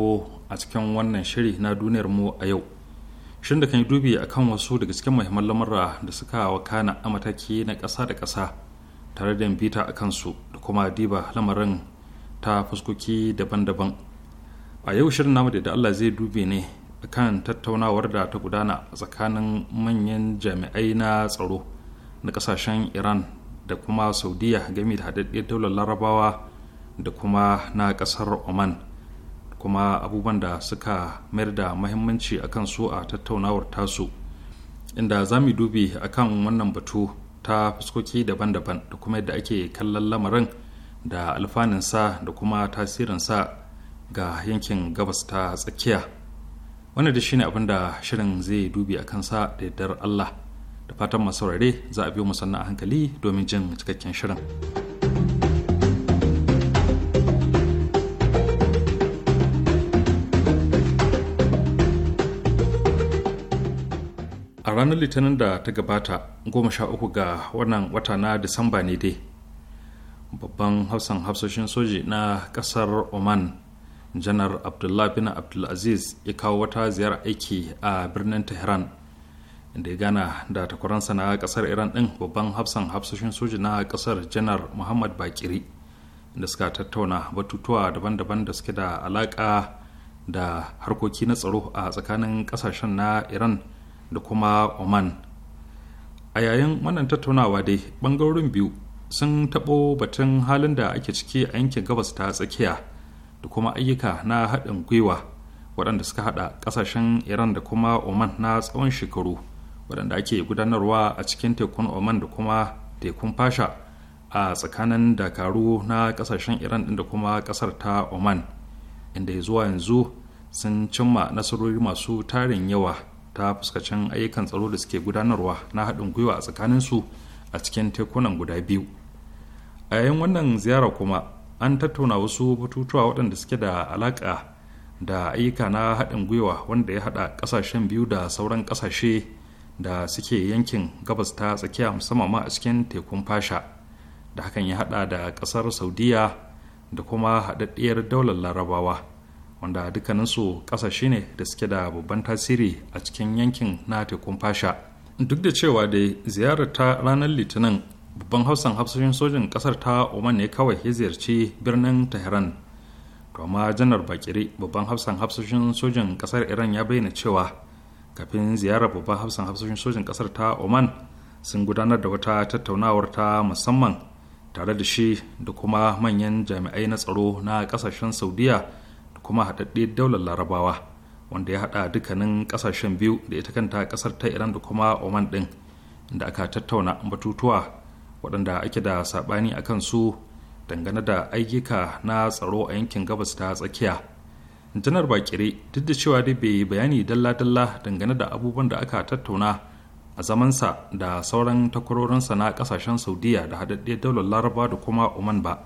a cikin wannan shiri na duniyar mu a yau shin da kan yi dubi akan wasu daga cikin muhimman lamura da suka wakana a mataki na ƙasa da ƙasa tare da bita a kansu da kuma diba lamarin ta fuskoki daban-daban a yau shirin namu da Allah zai dube ne akan tattaunawar da ta gudana tsakanin manyan jami'ai na tsaro na kasashen iran da kuma saudiya game da haɗaɗɗiyar daular larabawa da kuma na ƙasar oman kuma abubuwan da suka mayar da mahimmanci akan su a tattaunawar tasu inda za mu dubi akan wannan batu ta fuskoki daban-daban da kuma yadda ake kallon lamarin da alfaninsa da kuma tasirinsa ga yankin gabas ta tsakiya wannan da shine abin da shirin zai dubi a sa da yardar allah da fatan masu saurare za a biyo mu sannan a hankali domin jin cikakken shirin. a ranar litinin da ta gabata goma sha uku ga wannan wata na disamba ne dai babban hafsan hafsoshin soji na kasar oman janar abdullah bin abdulaziz ya kawo wata ziyara aiki a birnin tehran inda ya gana da takwaransa na kasar iran din babban hafsan hafsoshin soji na kasar janar muhammad bakiri da suka tattauna batutuwa daban-daban da suke da alaka da harkoki na tsaro a tsakanin kasashen na iran da kuma oman a yayin wannan tattaunawa dai bangarorin biyu sun taɓo batun halin da ake ciki a yankin gabas ta tsakiya da kuma ayyuka na haɗin gwiwa waɗanda suka haɗa ƙasashen iran da kuma oman na tsawon shekaru waɗanda ake gudanarwa a cikin tekun oman da kuma tekun fasha a tsakanin dakaru na ƙasashen iran ɗin da kuma ƙasar ta oman inda ya zuwa yanzu sun cimma nasarori masu tarin yawa ta fuskacin ayyukan tsaro da suke gudanarwa na haɗin gwiwa a tsakaninsu a cikin tekunan guda biyu a yayin wannan ziyara kuma an tattauna wasu batutuwa waɗanda suke da alaƙa da ayyuka na haɗin gwiwa wanda ya haɗa ƙasashen biyu da sauran ƙasashe da suke yankin gabas ta tsakiya musamman ma a cikin tekun fasha da hakan ya hada da kasar saudiya da kuma haɗaɗɗiyar daular larabawa wanda dukkaninsu ƙasashe ne da suke da babban tasiri a cikin yankin na tekun fasha duk da cewa da ziyarar ta ranar litinin babban hausan hafsoshin sojin ƙasar ta oman ne kawai ya ziyarci birnin tehran to amma janar bakiri babban hafsan hafsoshin sojin ƙasar iran ya bayyana cewa kafin ziyarar babban hafsan hafsoshin sojin kasar ta oman sun gudanar da wata tattaunawar ta musamman tare da shi da kuma manyan jami'ai na tsaro na kasashen saudiya da kuma haɗaɗɗe daular larabawa wanda ya haɗa dukkanin kasashen biyu da ita kanta kasar ta iran da kuma oman ɗin da aka tattauna batutuwa waɗanda ake da saɓani a kan su dangane da ayyuka na tsaro a yankin gabas ta tsakiya janar bakire duk da cewa dai bai bayani dalla-dalla dangane da abubuwan da aka tattauna a zamansa da sauran takwarorinsa na kasashen saudiya da haɗaɗɗe daular laraba da kuma oman ba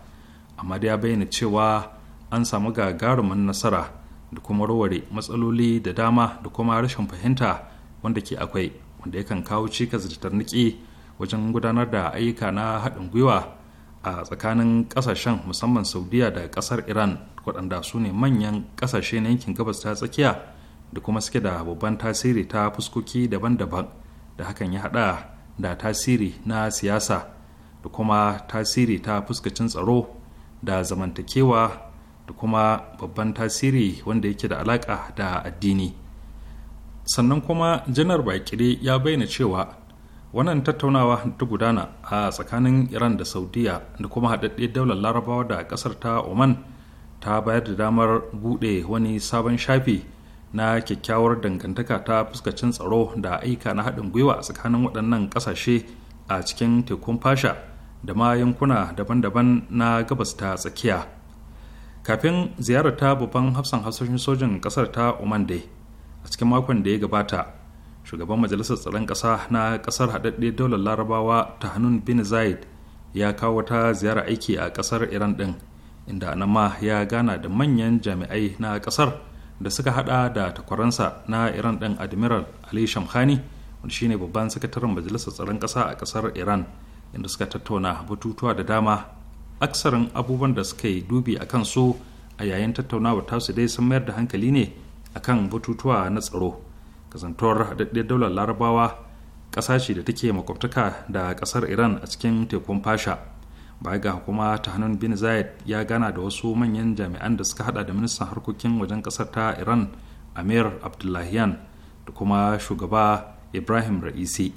amma dai ya bayyana cewa an samu gagarumin nasara da kuma warware matsaloli da dama da kuma rashin fahimta wanda ke akwai wanda yakan kawo cikas da tarniki wajen gudanar da ayyuka na haɗin gwiwa a tsakanin kasashen musamman saudiya da kasar iran waɗanda su ne manyan kasashe na yankin gabas ta tsakiya da kuma suke da babban tasiri ta fuskoki daban-daban da hakan ya haɗa da tasiri na siyasa da kuma tasiri ta fuskacin tsaro da zamantakewa da kuma babban tasiri wanda yake da alaƙa da addini sannan kuma janar bakire ya bayyana cewa wannan tattaunawa ta gudana a tsakanin iran da saudiya da kuma haɗaɗɗe daular larabawa da ƙasar ta oman ta bayar da damar buɗe wani sabon shafi na kyakkyawar dangantaka ta fuskacin tsaro da aika na haɗin gwiwa a tsakanin waɗannan ƙasashe a cikin tekun fasha da ma yankuna daban-daban na gabas ta tsakiya kafin ziyarar ta babban hafsan hasashen sojin ƙasar ta oman dai a cikin makon da ya gabata shugaban majalisar tsaron ƙasa na ƙasar haɗaɗɗe daular larabawa ta hannun bin zaid ya kawo ta ziyara aiki a ƙasar iran ɗin inda nan ma ya gana da manyan jami'ai na ƙasar da suka haɗa da takwaransa na iran ɗin admiral ali shamkhani wanda shine babban sakataren majalisar tsaron ƙasa a ƙasar iran inda suka tattauna batutuwa da dama aksarin abubuwan da suka yi dubi a kan su a yayin tattaunawa tasu dai sun mayar da hankali ne akan batutuwa na tsaro kasantuwar haɗaɗɗiyar daular larabawa ƙasa ce da take makwabtaka da ƙasar iran a cikin tekun fasha baya ga kuma hannun bin zayed ya gana da wasu manyan jami'an da suka hada da ministan harkokin wajen ƙasar ta iran amir abdullahian da kuma shugaba ibrahim ra'isi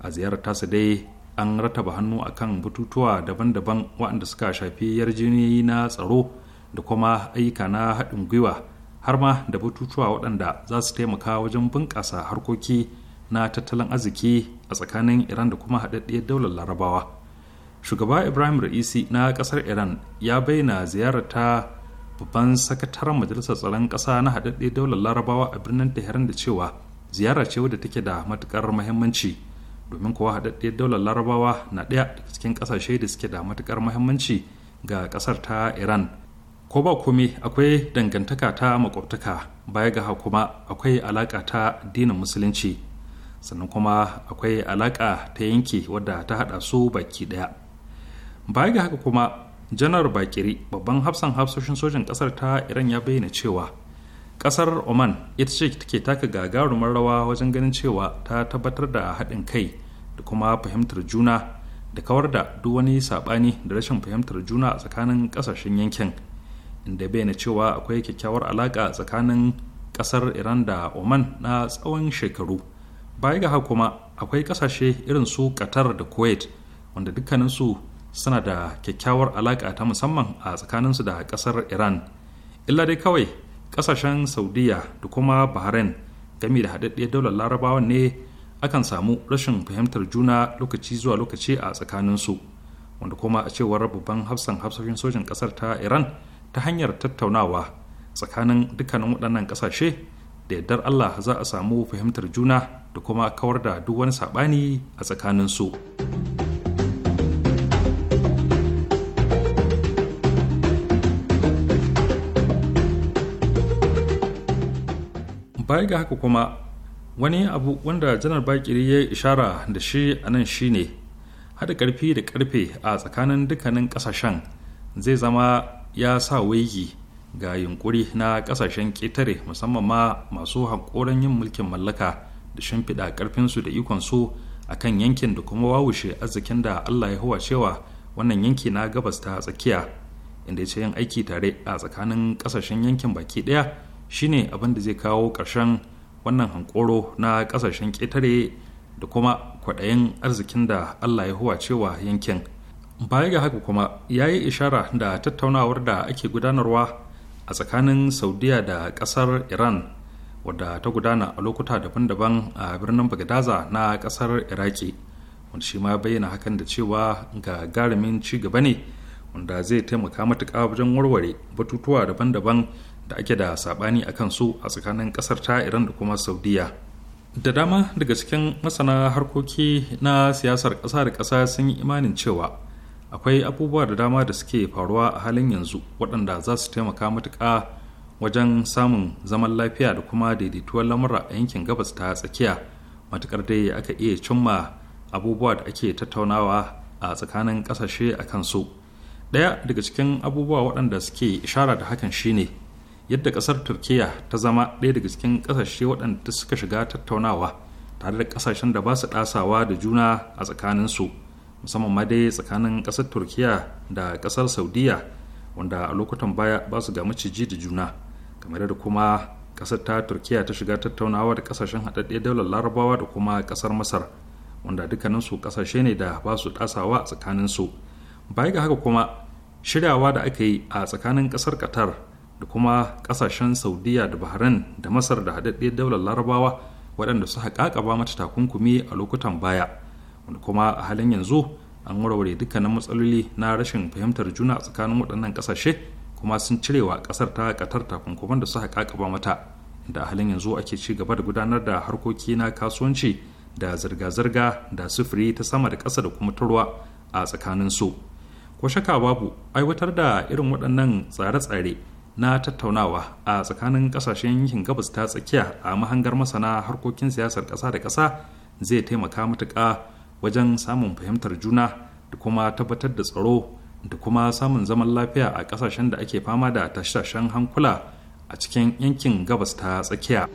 a ziyarar tasa dai an rataba hannu akan bututuwa daban-daban waɗanda suka shafi yarjejeniyoyi na tsaro da kuma aika na haɗin gwiwa har ma da batutuwa waɗanda za su taimaka wajen bunƙasa harkoki na tattalin arziki a tsakanin iran da kuma haɗaɗɗiyar daular larabawa shugaba ibrahim ra'isi na ƙasar iran ya bayyana ziyarar ta babban sakataren majalisar tsaron ƙasa na haɗaɗɗiyar daular larabawa a birnin tehran da cewa ziyara ce wadda take da matukar muhimmanci domin kuwa haɗaɗɗiyar daular larabawa na ɗaya daga cikin ƙasashe da suke da matukar muhimmanci ga ƙasar ta iran ko ba kome akwai dangantaka ta makwabtaka baya ga kuma akwai alaka ta addinin musulunci sannan kuma akwai alaka ta yanki wadda ta hada su baki daya baya ga haka kuma janar bakiri babban hafsan hafsoshin sojin kasar ta iran ya bayyana cewa kasar oman ita ce take taka gagarumar rawa wajen ganin cewa ta tabbatar da haɗin kai da kuma fahimtar juna da kawar da duk wani saɓani da rashin fahimtar juna a tsakanin ƙasashen yankin inda bayyana cewa akwai kyakkyawar alaƙa tsakanin ƙasar iran da oman na tsawon shekaru baya ga haka kuma akwai ƙasashe irin su qatar da kuwait wanda dukkaninsu suna da kyakkyawar alaƙa ta musamman a tsakaninsu da ƙasar iran illa dai kawai ƙasashen saudiya da kuma bahrain gami da haɗaɗɗiyar daular larabawan ne akan samu rashin fahimtar juna lokaci zuwa lokaci a tsakaninsu wanda kuma a cewar babban hafsan hafsafin sojin ƙasar ta iran ta hanyar tattaunawa tsakanin dukkanin waɗannan ƙasashe da yardar Allah za a samu fahimtar juna da kuma kawar da duk wani saɓani a tsakanin su. Baya ga haka kuma wani abu wanda janar bakiri ya ishara da shi a nan ne haɗa ƙarfi da ƙarfe a tsakanin dukkanin ƙasashen zai zama ya sa waigi ga yunkuri na kasashen ƙetare musamman ma masu haƙoran yin mulkin mallaka da shimfiɗa ƙarfinsu da ikonsu a kan yankin da kuma wawushe arzikin da allah ya huwa cewa wannan yanki na gabas ta tsakiya inda ya ce yin aiki tare a tsakanin ƙasashen yankin baki ɗaya shine abin da zai kawo ƙarshen wannan hankoro na ƙasashen ƙetare da kuma kwaɗayin arzikin da allah ya huwa cewa yankin baya ga haka kuma ya yi ishara da tattaunawar da ake gudanarwa a tsakanin saudiya da kasar iran wadda ta gudana a lokuta daban-daban a birnin bagdaza na kasar iraki wanda shi ma bayyana hakan da cewa ga garamin ci gaba ne wanda zai taimaka matuka wajen warware batutuwa daban-daban da ake da sabani a kansu a tsakanin ƙasar ta iran da kuma saudiya da dama daga cikin masana harkoki na siyasar ƙasa da ƙasa sun yi imanin cewa akwai abubuwa da dama da suke faruwa a halin yanzu waɗanda za su taimaka matuƙa wajen samun zaman lafiya da kuma daidaituwar lamura a yankin gabas ta tsakiya matuƙar dai aka iya cimma abubuwa da ake tattaunawa a tsakanin ƙasashe a kansu ɗaya daga cikin abubuwa waɗanda suke ishara da hakan shine yadda ƙasar turkiya ta zama ɗaya daga cikin ƙasashe waɗanda suka shiga tattaunawa tare da ƙasashen da ba su ɗasawa da juna a tsakaninsu musamman ma dai tsakanin ƙasar turkiya da ƙasar saudiya wanda a lokutan baya ba su ga maciji da juna kamar da kuma ƙasar ta turkiya ta shiga tattaunawa da ƙasashen haɗaɗɗe daular larabawa da kuma ƙasar masar wanda dukkaninsu ƙasashe ne da ba su tasawa a tsakaninsu baya ga haka kuma shiryawa da aka yi a tsakanin ƙasar qatar da kuma ƙasashen saudiya da bahrain da masar da haɗaɗɗe daular larabawa waɗanda suka ƙaƙaba mata takunkumi a lokutan baya wanda kuma a halin yanzu an warware dukkanin matsaloli na rashin fahimtar juna tsakanin waɗannan ƙasashe kuma sun cirewa ƙasar ta ƙatar takunkuman da suka kakaba mata da a halin yanzu ake ci gaba da gudanar da harkoki na kasuwanci da zirga-zirga da sufuri ta sama da ƙasa da kuma ta ruwa a tsakanin su ko shaka babu aiwatar da irin waɗannan tsare-tsare na tattaunawa a tsakanin ƙasashen yankin gabas ta tsakiya a mahangar masana harkokin siyasar ƙasa da ƙasa zai taimaka matuƙa wajen samun fahimtar juna da kuma tabbatar da tsaro da kuma samun zaman lafiya a kasashen da ake fama da tashashen hankula a cikin yankin gabas ta tsakiya.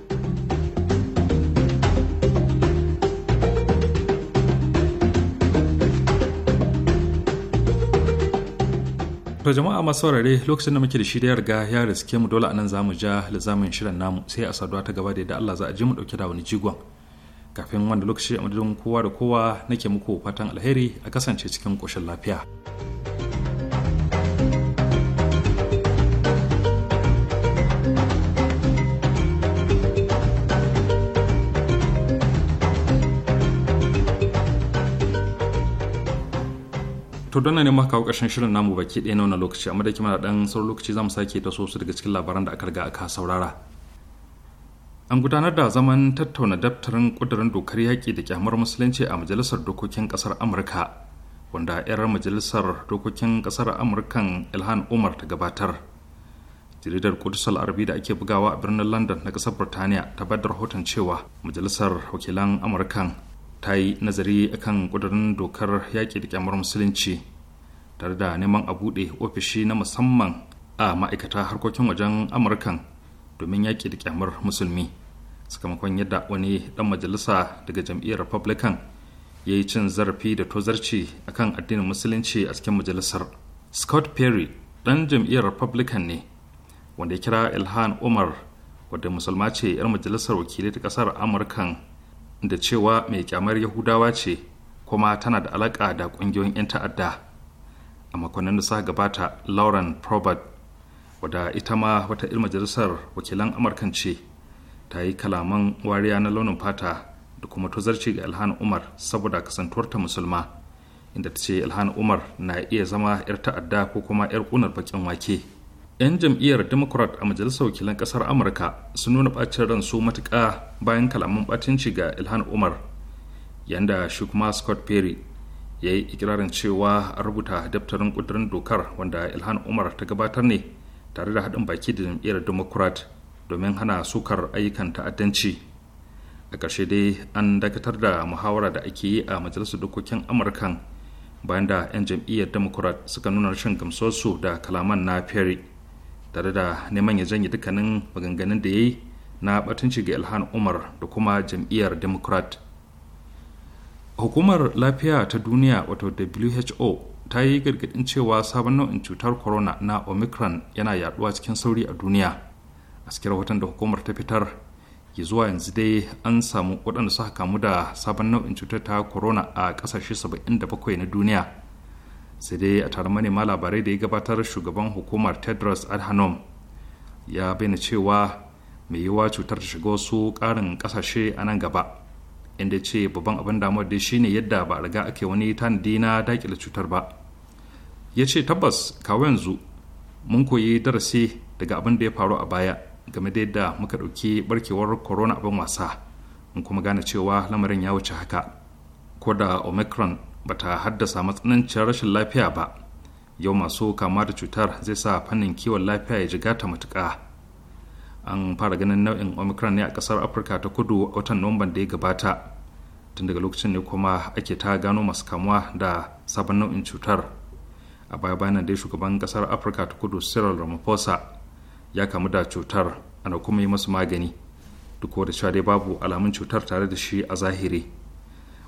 To jama'a masu saurare lokacin da muke da shirya riga ya riske mu dole a nan zamu ja lizamin shirin namu sai a saduwa ta gaba da yadda Allah za a je mu dauke da wani jigon. kafin wanda lokaci a madadin kowa da kowa nake muku fatan alheri a kasance cikin koshin lafiya. to don ne maka kawo shirin namu baki ɗaya na wannan lokaci amma da kima da ɗan sauran lokaci za mu sake ta so su daga cikin labaran da aka riga aka saurara an gudanar da zaman tattauna daftarin kudirin dokar yaƙi da kyamar musulunci a majalisar dokokin ƙasar amurka wanda 'yar majalisar dokokin ƙasar amurkan ilhan umar ta gabatar jaridar kudusal arabi da ake bugawa a birnin london na ƙasar birtaniya ta bada rahoton cewa majalisar wakilan amurkan ta yi nazari akan kudirin dokar yaƙi da kyamar musulunci tare da neman a buɗe ofishi na musamman a ma'aikata harkokin wajen amurkan domin yaƙi da kyamar musulmi sakamakon yadda wani ɗan majalisa daga jam'iyyar republican ya yi cin zarafi da tozarci akan addinin musulunci a cikin majalisar scott perry ɗan jam'iyyar republican ne wanda ya kira ilhan umar wadda musulma ce 'yar majalisar wakilai ta ƙasar amurka da cewa mai kyamar yahudawa ce kuma tana da alaƙa da ƙungiyoyin 'yan ta'adda a makonnin da sa gabata lauren probert wadda ita ma wata 'yar majalisar wakilan amurkan ce ta yi kalaman wariya na launin fata da kuma tozarci ga ilhan umar saboda kasantuwarta musulma inda ta ce ilhan umar na iya zama 'yar ta'adda ko kuma 'yar kunar bakin wake 'yan jam'iyyar democrat a majalisar wakilan kasar amurka sun nuna bacin ran su matuƙa bayan kalaman bacinci ga ilhan umar yanda shi kuma scott perry ya yi ikirarin cewa an rubuta daftarin ƙudurin dokar wanda ilhan umar ta gabatar ne tare da haɗin baki da jam'iyyar democrat domin hana sukar ayyukan ta'addanci a ƙarshe dai an dakatar da muhawara da ake yi a majalisar dokokin amurkan bayan da 'yan jam'iyyar democrat suka nuna rashin gamsuwarsu da kalaman na perry tare da neman ya janye dukkanin maganganun da ya yi na batunci ga ilhan umar da kuma jam'iyyar democrat hukumar lafiya ta duniya wato who ta yi gargadin cewa sabon nau'in cutar corona na omicron yana yaduwa cikin sauri a duniya a cikin rahoton da hukumar ta fitar ya zuwa yanzu dai an samu waɗanda suka kamu da sabon nau'in cutar ta corona a ƙasashe 77 na duniya sai dai a taron manema labarai da ya gabatar shugaban hukumar tedros adhanom ya bayyana cewa mai yiwuwa cutar ta shiga wasu ƙarin ƙasashe a nan gaba inda ce babban abin damar dai shine yadda ba a riga ake wani tanadi na dakile cutar ba ya ce tabbas kawo yanzu mun koyi darasi daga abin da ya faru a baya game da yadda muka ɗauki barkewar corona abin wasa mun kuma gane cewa lamarin ya wuce haka ko da omicron ba ta haddasa matsananciyar rashin lafiya ba yau masu kama da cutar zai sa fannin kiwon lafiya ya jigata matuka an fara ganin nau'in omicron ne a ƙasar afirka ta kudu a watan nuwamban da ya gabata tun daga lokacin ne kuma ake ta gano masu kamuwa da sabon nau'in cutar a baya bayanan dai shugaban kasar afirka ta kudu cyril ramaphosa ya kamu da cutar ana kuma yi masu magani duk da cewa dai babu alamun cutar tare da shi a zahiri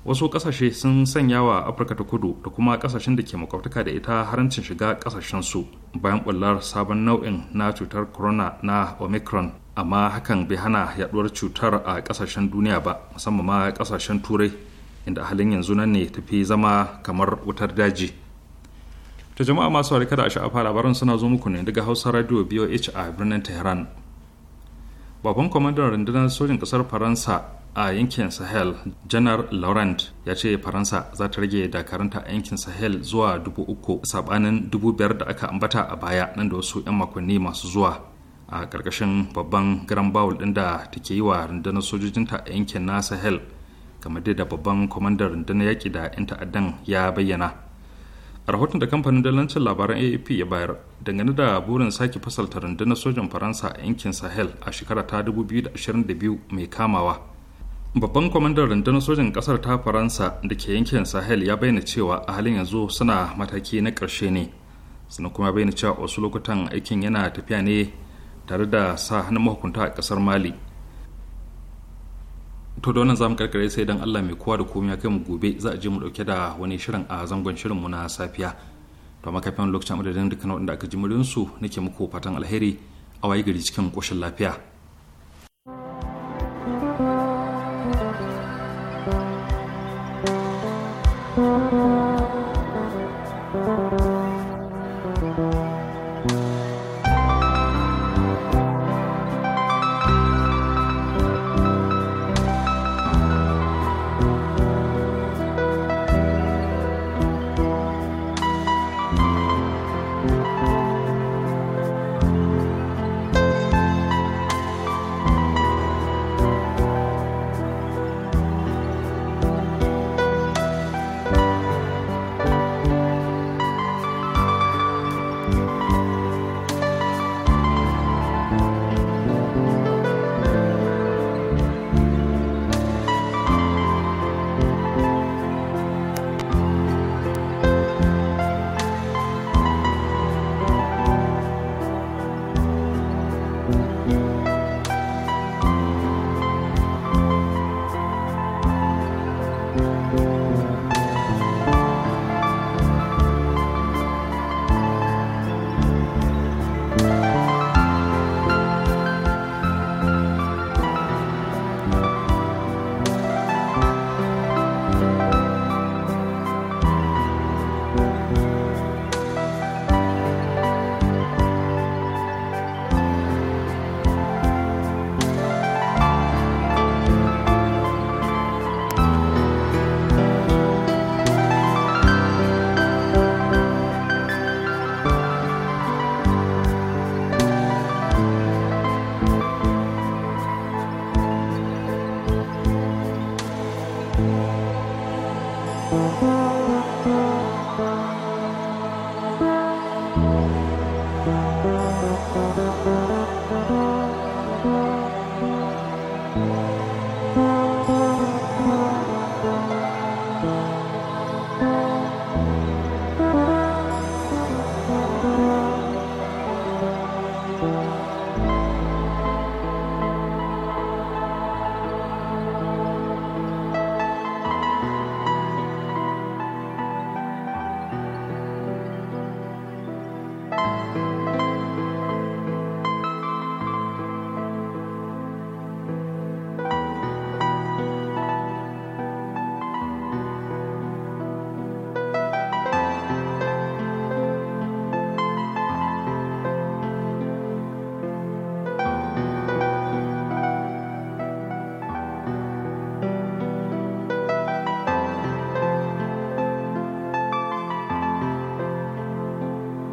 wasu kasashe sun sanya wa afirka ta kudu da kuma kasashen da ke makwabtaka da ita harancin shiga su bayan bullar sabon nau'in na cutar corona na omicron amma hakan bai hana yaduwar cutar a kasashen duniya ba musamman ma kasashen turai inda halin yanzu nan ne tafi zama kamar wutar daji ta jama'a masu kada da sha'afa labaran suna zo muku ne daga hausa radio boh a birnin tehran babban kwamandan rundunar sojin kasar faransa a yankin sahel janar laurent ya ce faransa za ta rage dakaranta a yankin sahel zuwa dubu uku sabanin dubu biyar da aka ambata a baya nan da wasu 'yan makonni masu zuwa a ƙarƙashin babban garan bawul ɗin da take yi wa rundunar sojojinta a yankin na sahel kamar da babban kwamandan rundunar yaƙi da 'yan ta'addan ya bayyana a rahoton da kamfanin dalancin labaran aap ya bayar dangane da burin sake fasalta rundunar sojan faransa a yankin sahel a shekara ta 2022 mai kamawa babban kwamandan rundunar sojan kasar ta faransa da ke yankin sahel ya bayyana cewa a halin yanzu suna mataki na ƙarshe ne sannan kuma bayyana cewa wasu lokutan aikin yana tafiya ne tare da sa hannun mahukunta a ƙasar mali to da wannan zamu karkare sai dan Allah mai kowa da komai ya kai mu gobe za a je mu dauke da wani shirin a zangon shirin mu na safiya to makafin lokacin da dukkan wanda aka ji murin su nake muku fatan alheri a waye gari cikin koshin lafiya